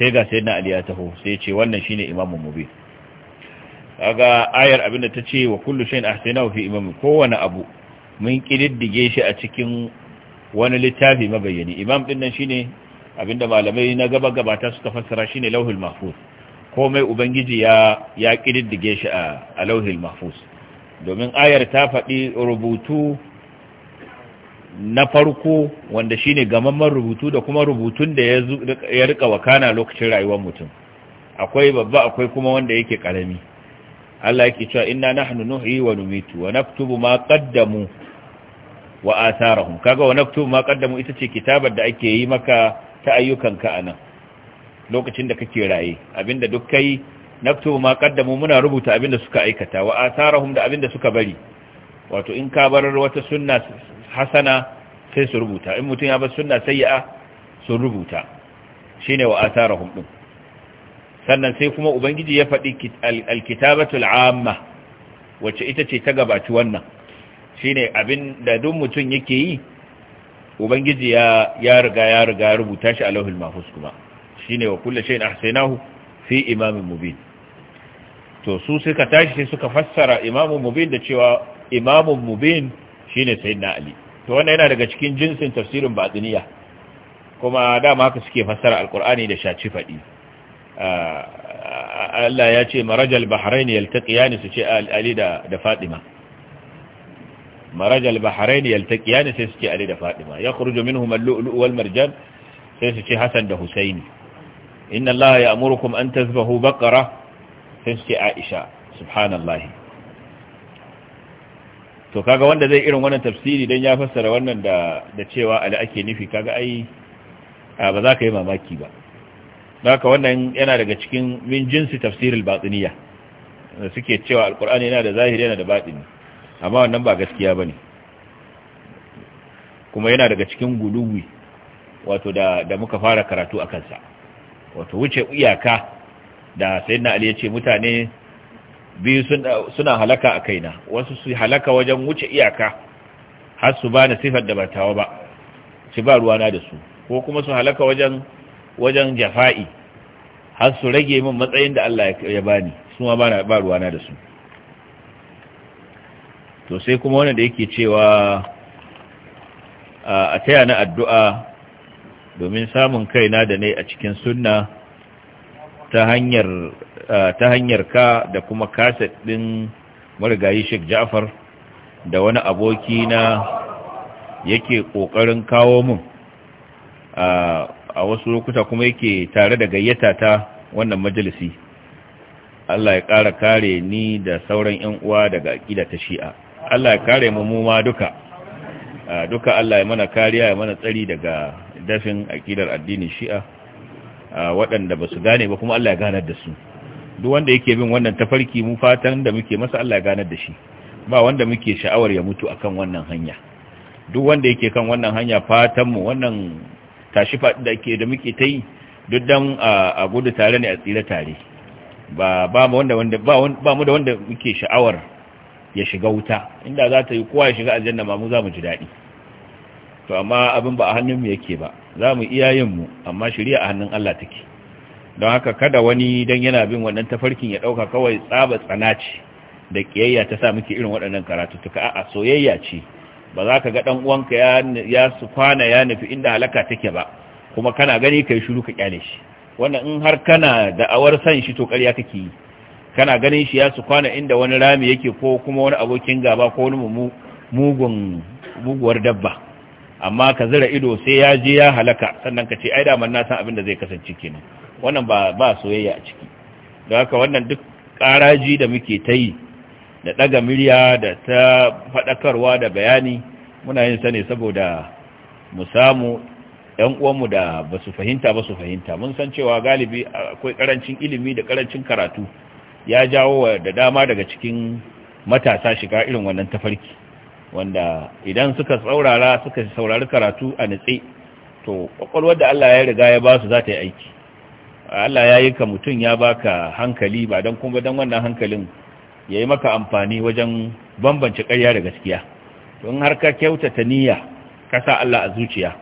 sai ga sai na aliyar taho sai ya ce wannan shi ne imamu mubin kaga ayar abinda ta ce wa kullu shayin na fi imamu kowane abu mun kididdige shi a cikin wani littafi mabayyani imam din nan shine abinda malamai na gaba gabata suka fassara shine lauhul mahfuz komai ubangiji ya ya kididdige shi a, a lauhul mahfuz domin ayar ta faɗi rubutu na farko wanda shine gamamman rubutu da kuma rubutun da ya rika wakana lokacin rayuwar mutum akwai babba akwai kuma wanda yake karami Allah yake cewa inna nahnu nuhyi wa numitu wa naktubu ma qaddamu wa atharahum kaga wa naktubu ma qaddamu ita ce kitabar da ake yi maka ta ayyukanka anan lokacin da kake raye abinda duk kai naktubu ma qaddamu muna rubuta abinda suka aikata wa atharahum da abinda suka bari wato in ka bar wata sunna hasana sai su rubuta in mutum ya bar sunna sayyi'a su rubuta shine wa ɗin din sannan sai kuma ubangiji ya faɗi alkitabatul amma wacce ita ce ta gabaci wannan shine abin da duk mutum yake yi ubangiji ya ya riga ya riga rubuta shi a lauhul mahfuz kuma shine wa kullu shay'in ahsaynahu fi imamin mubin to su suka tashi sai suka fassara Imamin mubin da cewa Imamin mubin shine sayyidina ali to wannan yana daga cikin jinsin tafsirin batiniya kuma dama haka suke fassara alqur'ani da shaci fadi ah, Allah ya ce marajal bahrain yaltaqiyani su ce ali da da fatima marajal bahrain yaltaqiyani sai suke ali da fatima yakhruju minhum al-lu'lu' wal marjan sai suke hasan da husaini inna allaha ya'murukum an tazbahu baqara sai suke aisha subhanallahi to kaga wanda zai irin wannan tafsiri dan ya fassara wannan da da cewa ali ake nufi kaga ai ba za ka yi mamaki ba haka wannan yana daga cikin min jinsi tafsirul batiniya suke cewa alqur'ani yana da zahiri yana da batini amma wannan ba gaskiya ba ne kuma yana daga cikin guluwi wato da, da muka fara karatu a kansa wato wuce iyaka da sayyidina ali ya ce mutane biyu suna halaka a kaina wasu su halaka wajen wuce iyaka har su bani sifar da ba ba ci ba ruwana da su ko kuma su halaka wajen wajen jafa'i har su rage min matsayin da Allah ya bani su ma ba ruwana da su to sai kuma wanda yake cewa a taya na addu'a domin samun kaina da ne a cikin sunna ta hanyar ka da kuma kaset ɗin marigayi Sheikh Ja'far da wani aboki na yake ƙoƙarin kawo mun a wasu lokuta kuma yake tare da gayyata ta wannan majalisi Allah ya ƙara kare ni da sauran 'yan uwa daga aƙida ta shi'a Allah ya kare mu mu ma duka ah, duka Allah ya mana kariya ya mana tsari daga dafin akidar addinin Shi'a ah, waɗanda ba su gane ba kuma Allah ya ganar da su duk wanda yake bin wannan tafarki mu fatan da muke masa Allah ya ganar da shi ba wanda muke sha'awar ya mutu akan wannan hanya duk wanda yake kan wannan hanya fatan mu wannan tashi da ke da muke ta yi duk dan ah, a gudu tare ne a tsira tare ba ba mu da wanda muke sha'awar ya shiga wuta inda za ta yi kowa ya shiga aljanna ma mu za mu ji daɗi to amma abin ba a hannunmu yake ba za mu iya yin mu amma shirya a hannun Allah take don haka kada wani dan yana bin wannan tafarkin ya ɗauka kawai tsaba tsana ce da ƙiyayya ta sa muke irin waɗannan karatuttuka a soyayya ce ba za ka ga ɗan uwanka ya su kwana ya nufi inda halaka take ba kuma kana gani ka yi shiru ka kyale shi wannan in har kana da'awar san shi to ƙarya kake yi kana ganin shi ya su kwana inda wani rami yake ko kuma wani abokin gaba ko wani mugun muguwar dabba amma ka zira ido sai ya je ya halaka sannan ka ce ai da na san abin da zai kasance kenan wannan ba ba soyayya a ciki don haka wannan duk karaji da muke ta yi da daga miliya da ta fadakarwa da bayani muna yin sa ne saboda mu samu ‘yan uwanmu da basu fahimta ba su fahimta mun san cewa galibi akwai ƙarancin ilimi da karancin karatu ya jawo da dama daga cikin matasa shiga irin wannan tafarki wanda idan suka saurara suka saurari karatu a nitse to kwakwalwar da Allah ya riga ya ba su za ta yi aiki Allah ya yi ka mutum ya baka hankali ba don kuma don wannan hankalin ya yi maka amfani wajen bambance karya da gaskiya don har ka kyautata niyya ka sa Allah a zuciya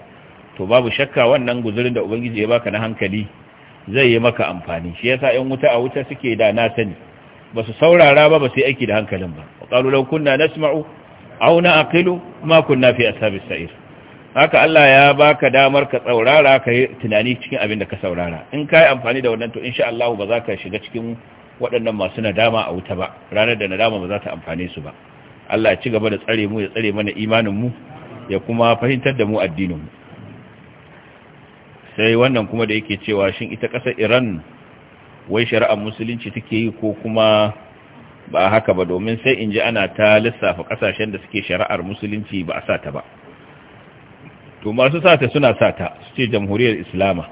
to babu shakka wannan guzurin da ubangiji ya baka na hankali zai yi maka amfani shi yasa in wuta a wuta suke da na sani ba su saurara ba ba su yi aiki da hankalin ba wa qalu law kunna nasma'u aw na'qilu ma kunna fi ashabis sa'ir haka Allah ya baka damar ka tsaurara ka yi tunani cikin abin da ka saurara in ka yi amfani da wannan to insha Allah ba za ka shiga cikin waɗannan masu nadama a wuta ba ranar da nadama ba za ta amfane su ba Allah ya ci gaba da tsare mu ya tsare mana imanin mu ya kuma fahimtar da mu addinin mu sai wannan kuma da yake cewa shin ita ƙasar iran wai shari'ar musulunci take yi ko kuma ba haka ba domin sai in ji ana ta lissafa ƙasashen da suke shari'ar musulunci ba a sa ta ba to masu sa ta suna sa ta su ce jamhuriyar islama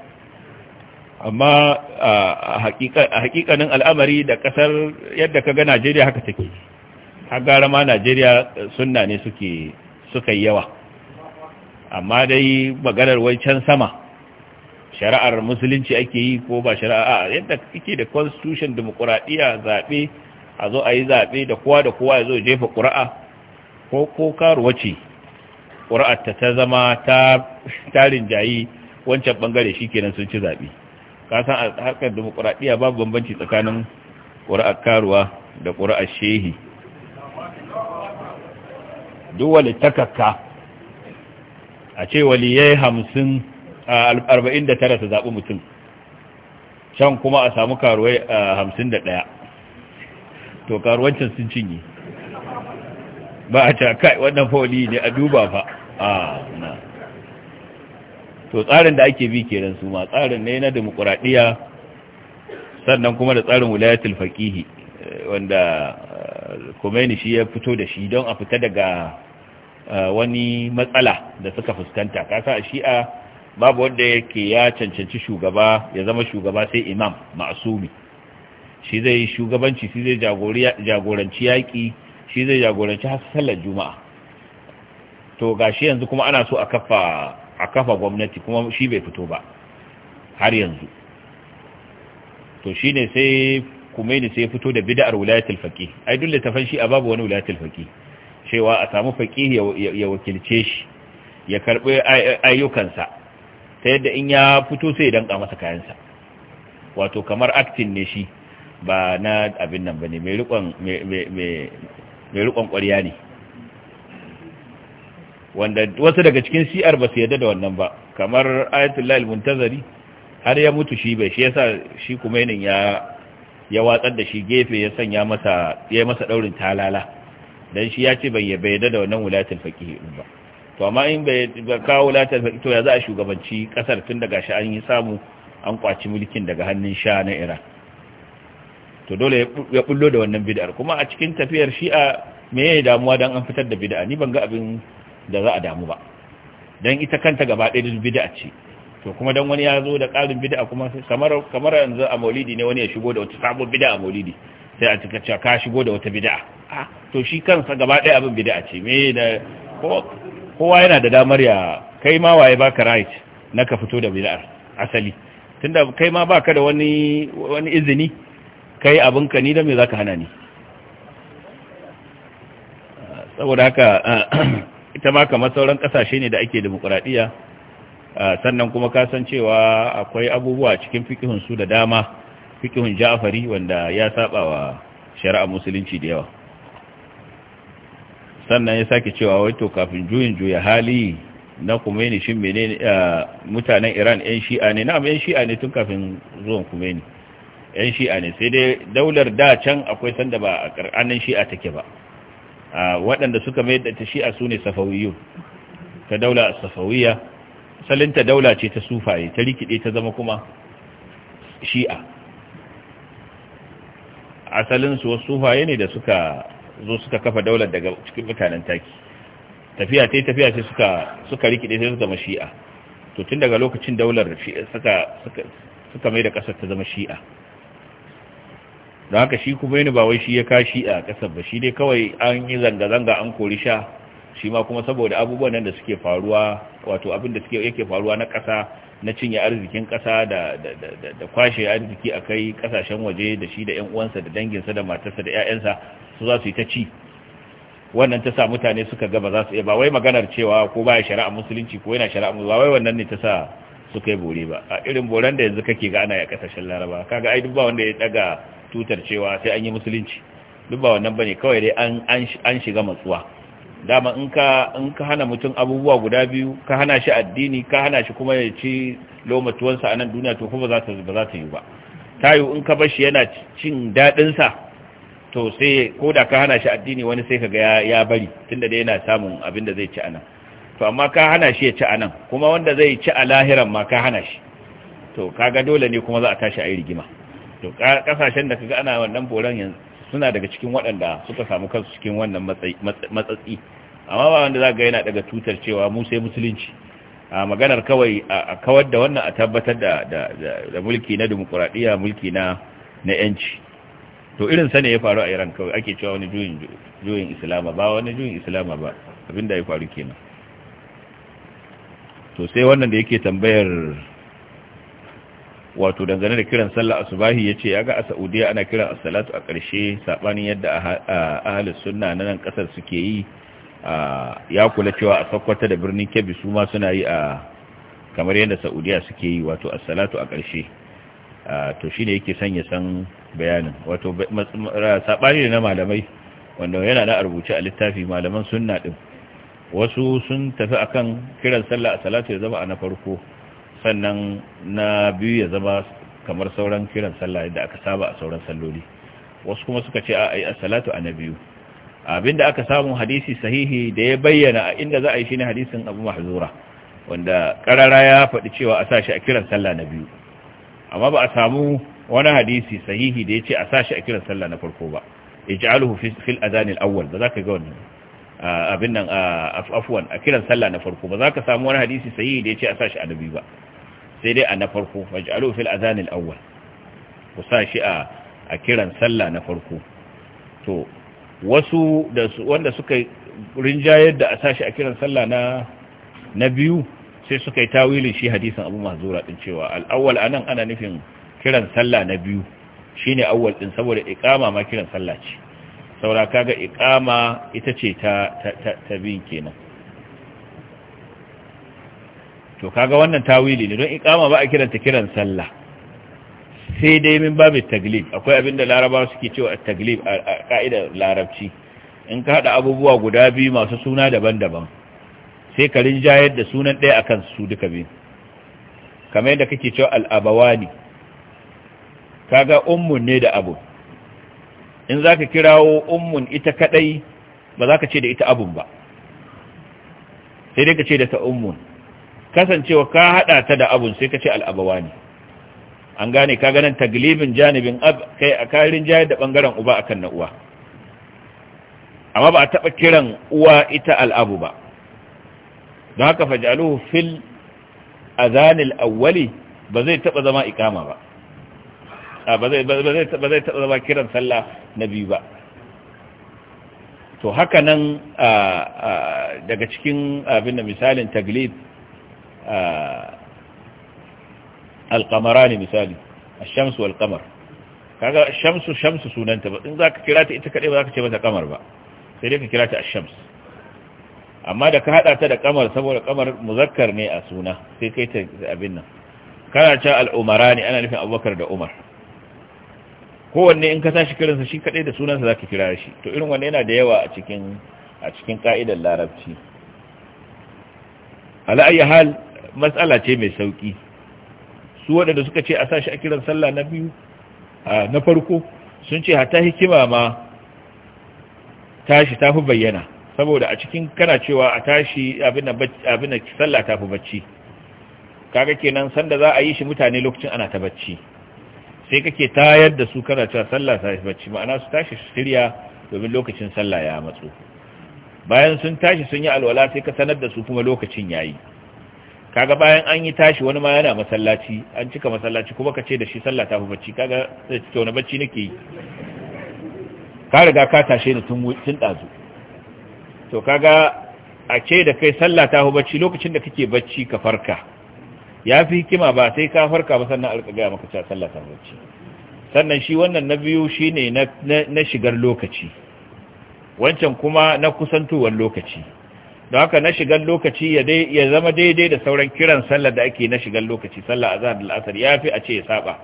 amma a hakikanin al'amari da ƙasar yadda ka ga najeriya haka take har gara ma najeriya sunna ne suke suka yawa amma dai maganar wai can sama shari'ar musulunci ake yi ko ba shari'a a yadda kake da constitution demokuraɗiyya zaɓe a zo a yi zaɓe da kowa da kowa ya zo jefa ƙura'a ko ko karuwa ce ƙura'ar ta ta zama ta tarin jayi wancan ɓangare shi kenan sun ci zaɓe kasan a harkar demokuraɗiyya babu bambanci tsakanin ƙura'ar karuwa da ƙura'ar shehi duk wali takakka a ce waliyai hamsin arba'in da tara ta zaɓi mutum can kuma a samu karuwai hamsin da ɗaya to karuwancin sun cinye ba a ta kai wannan fauli ne a duba fa a na to tsarin da ake bi kenan su ma tsarin ne na demokuraɗiyya sannan kuma da tsarin wulayatul faƙihi wanda eh, Khomeini shi ya fito da shi don a fita daga eh, wani matsala da suka fuskanta kasa a shi'a babu wanda yake ya cancanci shugaba ya zama shugaba sai imam ma'asumi shi zai yi shugabanci shi zai jagoranci yaƙi shi zai jagoranci sallar juma'a to gashi yanzu kuma ana so a kafa gwamnati kuma shi bai fito ba har yanzu to shi ne sai kumaini sai fito da bida'ar wilayatul faqih ai dole tafan shi a babu wani wilayatul faqih cewa a samu faƙi ya wakilce shi ya karɓi ayyukansa ta yadda in ya fito sai ya danka masa kayansa wato kamar actin ne shi ba na abin nan bane mai rikon mai rikon ƙwarya ne wanda wasu daga cikin siyar ba su yadda da wannan ba kamar ayatollah al-muntazari har ya mutu shi bai shi yasa shi kumainin ya ya watsar da shi gefe ya sanya masa ya masa daurin talala dan shi ya ce bai yadda da wannan wulatul faqih ba to amma in bai kawo latar to ya za a shugabanci kasar tun daga shi an yi samu an kwaci mulkin daga hannun sha na iran to dole ya bullo da wannan bid'ar kuma a cikin tafiyar shi'a me ya damuwa dan an fitar da bid'a ni ban ga abin da za a damu ba dan ita kanta gaba ɗaya bid'a ce to kuma dan wani ya zo da ƙarin bid'a kuma kamar kamar yanzu a maulidi ne wani ya shigo da wata sabon bid'a a maulidi sai a cika cewa ka shigo da wata bid'a ah, to shi kansa gaba ɗaya abin bid'a ce me da ko kowa yana da damar ya kai ma waye baka right na ka fito da bid'ar asali tunda kai ma baka da wani wani izini kai ka ni da me zaka hana ni saboda haka ita ma kamar sauran kasashe ne da ake demokradiya sannan kuma cewa akwai abubuwa cikin fikihun su da dama fikihun jafari wanda ya saba wa shari'a musulunci da yawa sannan ya sake cewa wai to kafin juyin juya hali na kumeni shi menene mutanen iran yan shi'a ne na yan shi'a ne tun kafin zuwan kumeni yan shi'a ne sai dai daular da can akwai sanda ba a karanin shi'a take ba waɗanda suka mai da ta shi'a su ne safawiyu ta daula safawiya salinta daula ce ta sufaye ta rikide ta zama kuma shi'a asalinsu wasu sufaye ne da suka zo suka kafa daular daga cikin mutanen taki tafiya ta tafiya sai suka suka rikide sai suka shi'a to tun daga lokacin daular suka suka mai da kasar ta zama shi'a don haka shi kuma yana ba wai shi ya kashi a kasar ba shi dai kawai an yi zanga-zanga an kori sha shi ma kuma saboda abubuwan nan da suke faruwa wato abin da suke yake faruwa na kasa na cinye arzikin kasa da da kwashe arziki a kai ƙasashen waje da shi da 'yan uwansa da danginsa da matarsa da 'ya'yansa su za su yi ta ci wannan ta sa mutane suka gaba za su iya ba wai maganar cewa ko ba ya shari'a musulunci ko yana shari'a musulunci ba wai wannan ne ta sa suka yi bore ba a irin boren da yanzu kake ga ana ya kasashen laraba kaga ai duk ba wanda ya daga tutar cewa sai an yi musulunci duk ba wannan bane kawai dai an shiga matsuwa dama in ka in ka hana mutum abubuwa guda biyu ka hana shi addini ka hana shi kuma ya ci lomatuwansa a nan duniya to kuma ba za ta yi ba tayo in ka bashi yana cin daɗinsa to sai ko da ka hana shi addini wani sai kaga ya, ya bari tunda da yana samun abin da zai ci anan to amma ka hana shi ya ci anan kuma wanda zai ci a lahiran ma ka hana shi to kaga dole ne kuma za a tashi a yi rigima to kasashen da ga ana wannan boran yanzu suna daga cikin waɗanda suka samu kansu cikin wannan matsatsi amma ba wanda za ga yana daga tutar cewa mu sai musulunci a maganar kawai a kawar da wannan a tabbatar da mulki na demokuraɗiyya mulki na na yanci to irin sane ya faru a iran kawai ake cewa wani juyin islama ba wani juyin islama ba abinda ya faru kenan to sai wannan da yake tambayar wato dangane da kiran sallah asubahi yace ya ga a Saudiya ana kiran as-salatu a ƙarshe sabanin yadda ahlus sunna na nan kasar suke yi ya kula cewa a Sokoto da birnin Kebbi su ma suna yi a kamar yadda Saudiya suke yi wato as-salatu a ƙarshe to shine yake son ya san bayanin wato sabanin na malamai wanda yana na rubuce a littafi malaman sunna din wasu sun tafi akan kiran sallah a salatu ya zama a na farko sannan na biyu ya zama kamar sauran kiran sallah da aka saba a sauran salloli wasu kuma suka ce a yi as-salatu na biyu abinda aka samu hadisi sahihi da ya bayyana a inda za a yi shi ne hadisin Abu Mahzura wanda karara ya faɗi cewa a sashi a kiran sallah na biyu amma ba a samu wani hadisi sahihi da ya ce a sashi a kiran sallah na farko ba ij'aluhu fil adhan al-awwal ba zaka ga wannan abin nan afwan a kiran sallah na farko ba zaka samu wani hadisi sahihi da ya ce a sashi a nabi ba sai dai a na farko waj'alu fil azanil awwal ku sa shi a a kiran sallah na farko to wasu da wanda suka rinjayar da a sashi a kiran sallah na na biyu sai suka yi tawilin shi hadisin Abu zura din cewa al-awwal anan ana nufin kiran sallah na biyu shine awwal din saboda iqama ma kiran sallah ce saboda kaga iqama ita ce ta ta, ta, ta bin kenan to kaga wannan tawili ne don iqama ba a kiranta kiran sallah sai dai min babu taglib akwai abin da laraba suke cewa taglib a ka'ida larabci in ka hada abubuwa guda biyu masu suna daban-daban sai ka rinjayar da sunan ɗaya akan su duka biyu kamar yadda kake cewa al'abawani kaga ummun ne da abu in zaka kirawo ummun ita kadai ba za ka ce da ita abun ba sai dai ka ce da ta ummun kasancewa ka hada ta da abun sai ka ce al'abawa ne an gane ka ganin taglibin janibin ab kai a karin jayar da bangaren uba akan na uwa amma ba a taba kiran uwa ita al'abu ba don haka fajaluhu fil azanil awwali ba zai taba zama ikama ba ba zai taɓa zama kiran sallah na biyu ba to haka nan daga cikin abin da misalin taglib alƙamara ne misali a shamsu alƙamar kaga shamsu shamsu sunanta ba in za ka kira ta ita kaɗai ba za ka ce mata ƙamar ba sai dai ka kira ta a shams amma da ka haɗa ta da ƙamar saboda ƙamar muzakkar ne a suna sai kai ta abin nan kana ce al'umara ne ana nufin abubakar da umar kowanne in ka tashi kiransa shi kaɗai da sunansa za ka kira shi to irin wanne yana da yawa a cikin a cikin ka'idar larabci ala ayyi hal matsala ce mai sauƙi. su waɗanda suka ce a sa shi a kiran sallah na biyu na farko sun ce hata hikima ma tashi ta fi bayyana saboda a cikin kana cewa a tashi abin da sallah ta fi bacci kaga kenan sanda za a yi shi mutane lokacin ana ta bacci sai kake tayar da su kana cewa sallah ta fi bacci ma'ana su tashi su shirya domin lokacin sallah ya matsu bayan sun tashi sun yi alwala sai ka sanar da su kuma lokacin yayi kaga bayan an yi tashi wani ma yana masallaci an cika masallaci kuma ka ce da shi sallah ta fi bacci kaga sai ce wani bacci nake yi ka riga ka tashe ni tun tun dazu to kaga a ce da kai sallah ta fi bacci lokacin da kake bacci ka farka ya fi hikima ba sai ka farka ba sannan alƙa ga maka cewa sallah ta fi bacci sannan shi wannan na biyu shine na shigar lokaci wancan kuma na kusantowar lokaci don haka na shigan lokaci ya zama daidai da sauran kiran sallar da ake na shigan lokaci sallar a zahar al'asar ya fi a ce ya saba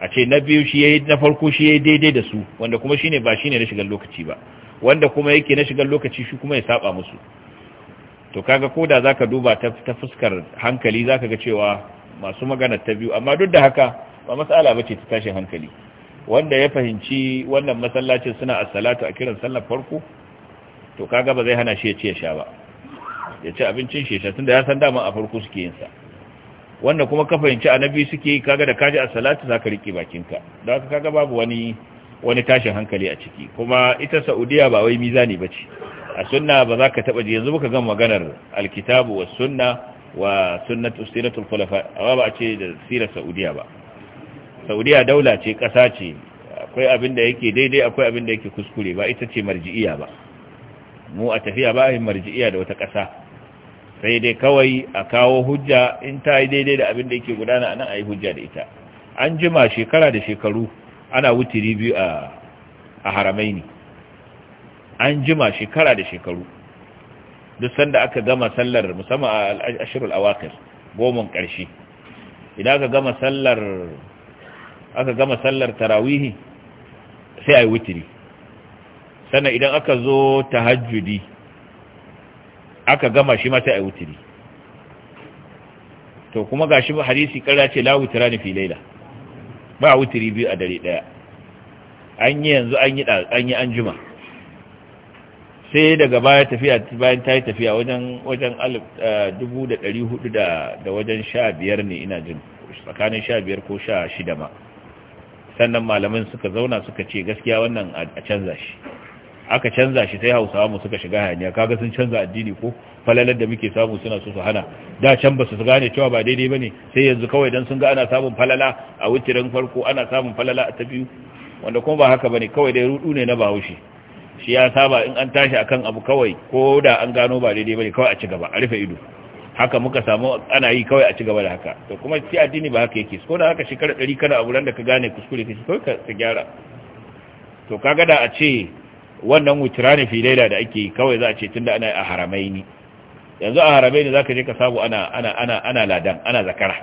a ce na biyu shi yayi na farko shi yayi daidai da su wanda kuma shine ba shine na shigan lokaci ba wanda kuma yake na shigan lokaci shi kuma ya saba musu to kaga ko za zaka duba ta fuskar hankali zaka ga cewa masu magana ta biyu amma duk da haka ba ba ce ta tashin hankali wanda ya fahimci wannan masallacin suna as-salatu a kiran sallar farko to kaga ba zai hana shi ya ci ya sha ba ya ci abincin shi ya sha tunda ya san dama a farko suke yin sa wanda kuma ka fahimci annabi suke yi kaga da kaji a salatu zaka rike bakinka don haka kaga babu wani wani tashin hankali a ciki kuma ita Saudiya ba wai mizani bace a sunna ba za ka taba ji yanzu muka ga maganar alkitabu was sunna wa sunnatu siratul khulafa amma ba a ce da sirar Saudiya ba Saudiya daula ce kasa ce akwai abin da yake daidai akwai abin da yake kuskure ba ita ce marji'iya ba mu a tafiya ba yi marji'iya da wata ƙasa sai dai kawai a kawo hujja in ta yi daidai da abin da yake gudana a nan a yi hujja da ita an jima shekara da shekaru ana wutiri biyu a haramai ne an jima shekara da shekaru duk sanda aka gama sallar musamman a ashirul awakir goman ƙarshe idan aka gama sallar aka gama sallar tarawihi sai a yi wutiri sannan idan aka zo tahajjudi aka gama shi mata ayi wutiri to kuma gashi hadisi kara ce la wutirani fi laila ba wutiri biyu a dare daya an yi yanzu an yi an yi juma sai daga baya tafiya bayan ta yi tafiya wajen wajen alif dubu da dari hudu da wajen sha biyar ne ina jin tsakanin sha biyar ko sha shida ma sannan malamin suka zauna suka ce gaskiya wannan a canza shi aka canza shi sai hausawa mu suka shiga hayaniya kaga sun canza addini ko falalar da muke samu suna so su hana da can ba su gane cewa ba daidai bane sai yanzu kawai dan sun ga ana samun falala a wutirin farko ana samun falala a ta biyu wanda kuma ba haka bane kawai dai rudu ne na bahaushe shi ya saba in an tashi akan abu kawai ko da an gano ba daidai bane kawai a ci gaba a rufe ido haka muka samu ana yi kawai a ci gaba da haka to kuma shi addini ba haka yake ko da haka shekara 100 kana abu ran da ka gane kuskure kai kawai ka gyara to kaga da a ce wannan wutirani fi laila da ake kawai za a ce tunda ana a haramai ne yanzu a haramai ne za ka je ka sabu ana ana ana ana ladan ana zakara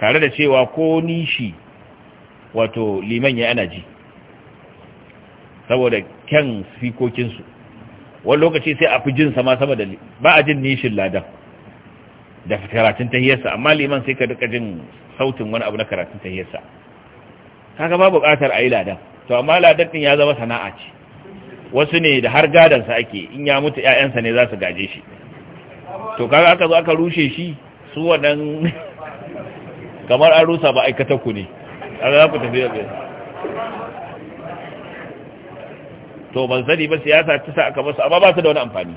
tare da cewa ko nishi wato liman ya ana ji saboda kyan sikokinsu wani lokaci sai a fi jin sama sama da ba a jin nishin ladan da karatun tahiyarsa amma liman sai ka duka jin sautin wani abu na karatun tahiyarsa kaga ba bukatar a yi ladan to amma ladan ya zama sana'a ce wasu ne da har gadansa ake in ya mutu 'ya'yansa ne za su gaje shi to kaga aka zo aka rushe shi su waɗan kamar an rusa ba aikata ku ne kaza za ku tafi da to ban sani ba siyasa ta sa aka basu amma ba su da wani amfani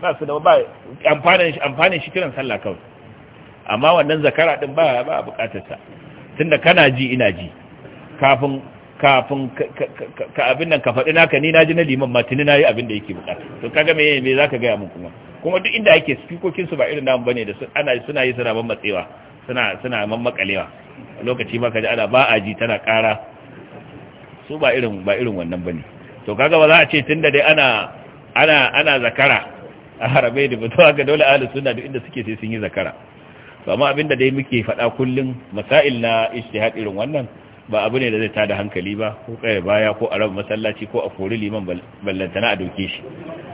ba su da ba amfanin shi amfanin shi kiran sallah kawai amma wannan zakara din ba ba bukatar sa tunda kana ji ina ji kafin kafin ka abin nan ka faɗi naka ni naji na liman matini yi abin da yake buƙata to kaga me me zaka gaya mun kuma kuma duk inda ake sukokin su ba irin namu bane da ana suna yi suna mammatsewa suna suna mammakalewa lokaci ma kaji ana ba a ji tana ƙara su ba irin ba irin wannan bane to kaga ba za a ce tunda dai ana ana ana zakara a harabe da to ga dole ahli sunna duk inda suke sai sun yi zakara to amma abinda dai muke faɗa kullum masail na ijtihad irin wannan ba abu ne da zai tada hankali ba ko kai baya ko a rabu masallaci ko a kori liman ballantana a doke shi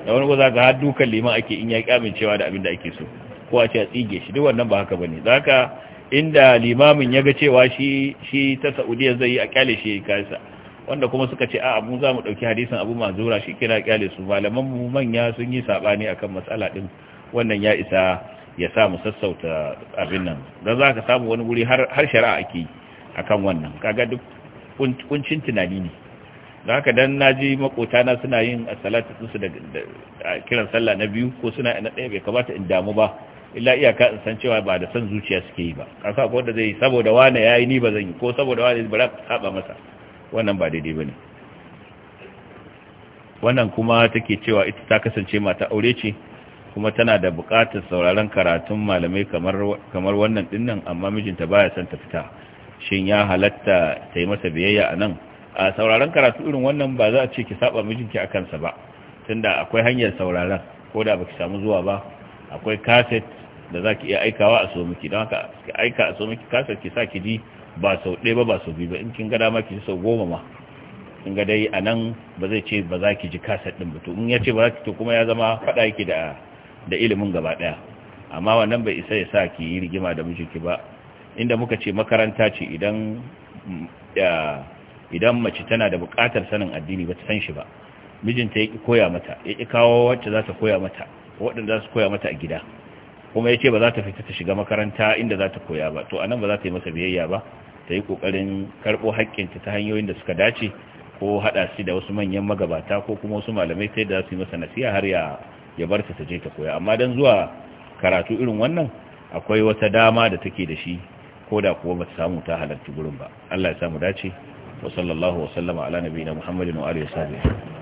da wani za ka har kan liman ake in ya amincewa da abin da ake so ko a ce a tsige shi duk wannan ba haka bane zaka inda limamin ya ga cewa shi shi ta Saudiya zai yi a kyale shi ya kansa wanda kuma suka ce a mu za mu ɗauki hadisin Abu mazura shi kira kyale su malaman mu manya sun yi sabani akan matsala ɗin wannan ya isa ya sa mu sassauta abin nan don za ka samu wani wuri har shari'a ake yi akan wannan kaga duk kuncin tunani ne da haka dan naji makotana suna yin sun su da kiran sallah na biyu ko suna na ɗaya bai kamata in damu ba illa iyaka in san cewa ba da san zuciya suke yi ba kasa ko da zai saboda wani yayi ni ba zan yi ko saboda wani ba saba masa wannan ba daidai bane wannan kuma take cewa ita ta kasance mata aure ce kuma tana da buƙatar sauraron karatun malamai kamar kamar wannan dinnan amma mijinta baya son ta fita shin ya halatta ta yi masa biyayya a nan a sauraron karatu irin wannan ba za a ce ki saba mijinki a kansa ba tunda akwai hanyar sauraron ko da baki samu zuwa ba akwai kaset da za ki iya aikawa a so miki don haka ki aika a so miki kaset ki sa ki ji ba sau ɗaya ba ba sau biyu ba in kin ga dama ki ji sau goma ma in ga dai a nan ba zai ce ba za ki ji kaset ɗin ba to in ya ce ba za ki to kuma ya zama faɗa yake da da ilimin gaba ɗaya amma wannan bai isa ya sa ki yi rigima da mijinki ba inda muka ce makaranta ce idan idan mace tana da bukatar sanin addini ba ta san shi ba mijinta ya koya mata ya kawo wacce za ta koya mata waɗanda za su koya mata a gida kuma ya ce ba za ta fita ta shiga makaranta inda za ta koya ba to anan nan ba za ta yi masa biyayya ba ta yi kokarin karɓo haƙƙinta ta hanyoyin da suka dace ko haɗa shi da wasu manyan magabata ko kuma wasu malamai ta yadda za su yi masa nasiha har ya ya bar ta je ta koya amma dan zuwa karatu irin wannan akwai wata dama da take da shi ko da kuwa ba samu ta halarci gurin ba Allah ya samu dace wa sallallahu wa sallama ala nabiyina Muhammadin wa alihi wa sahbihi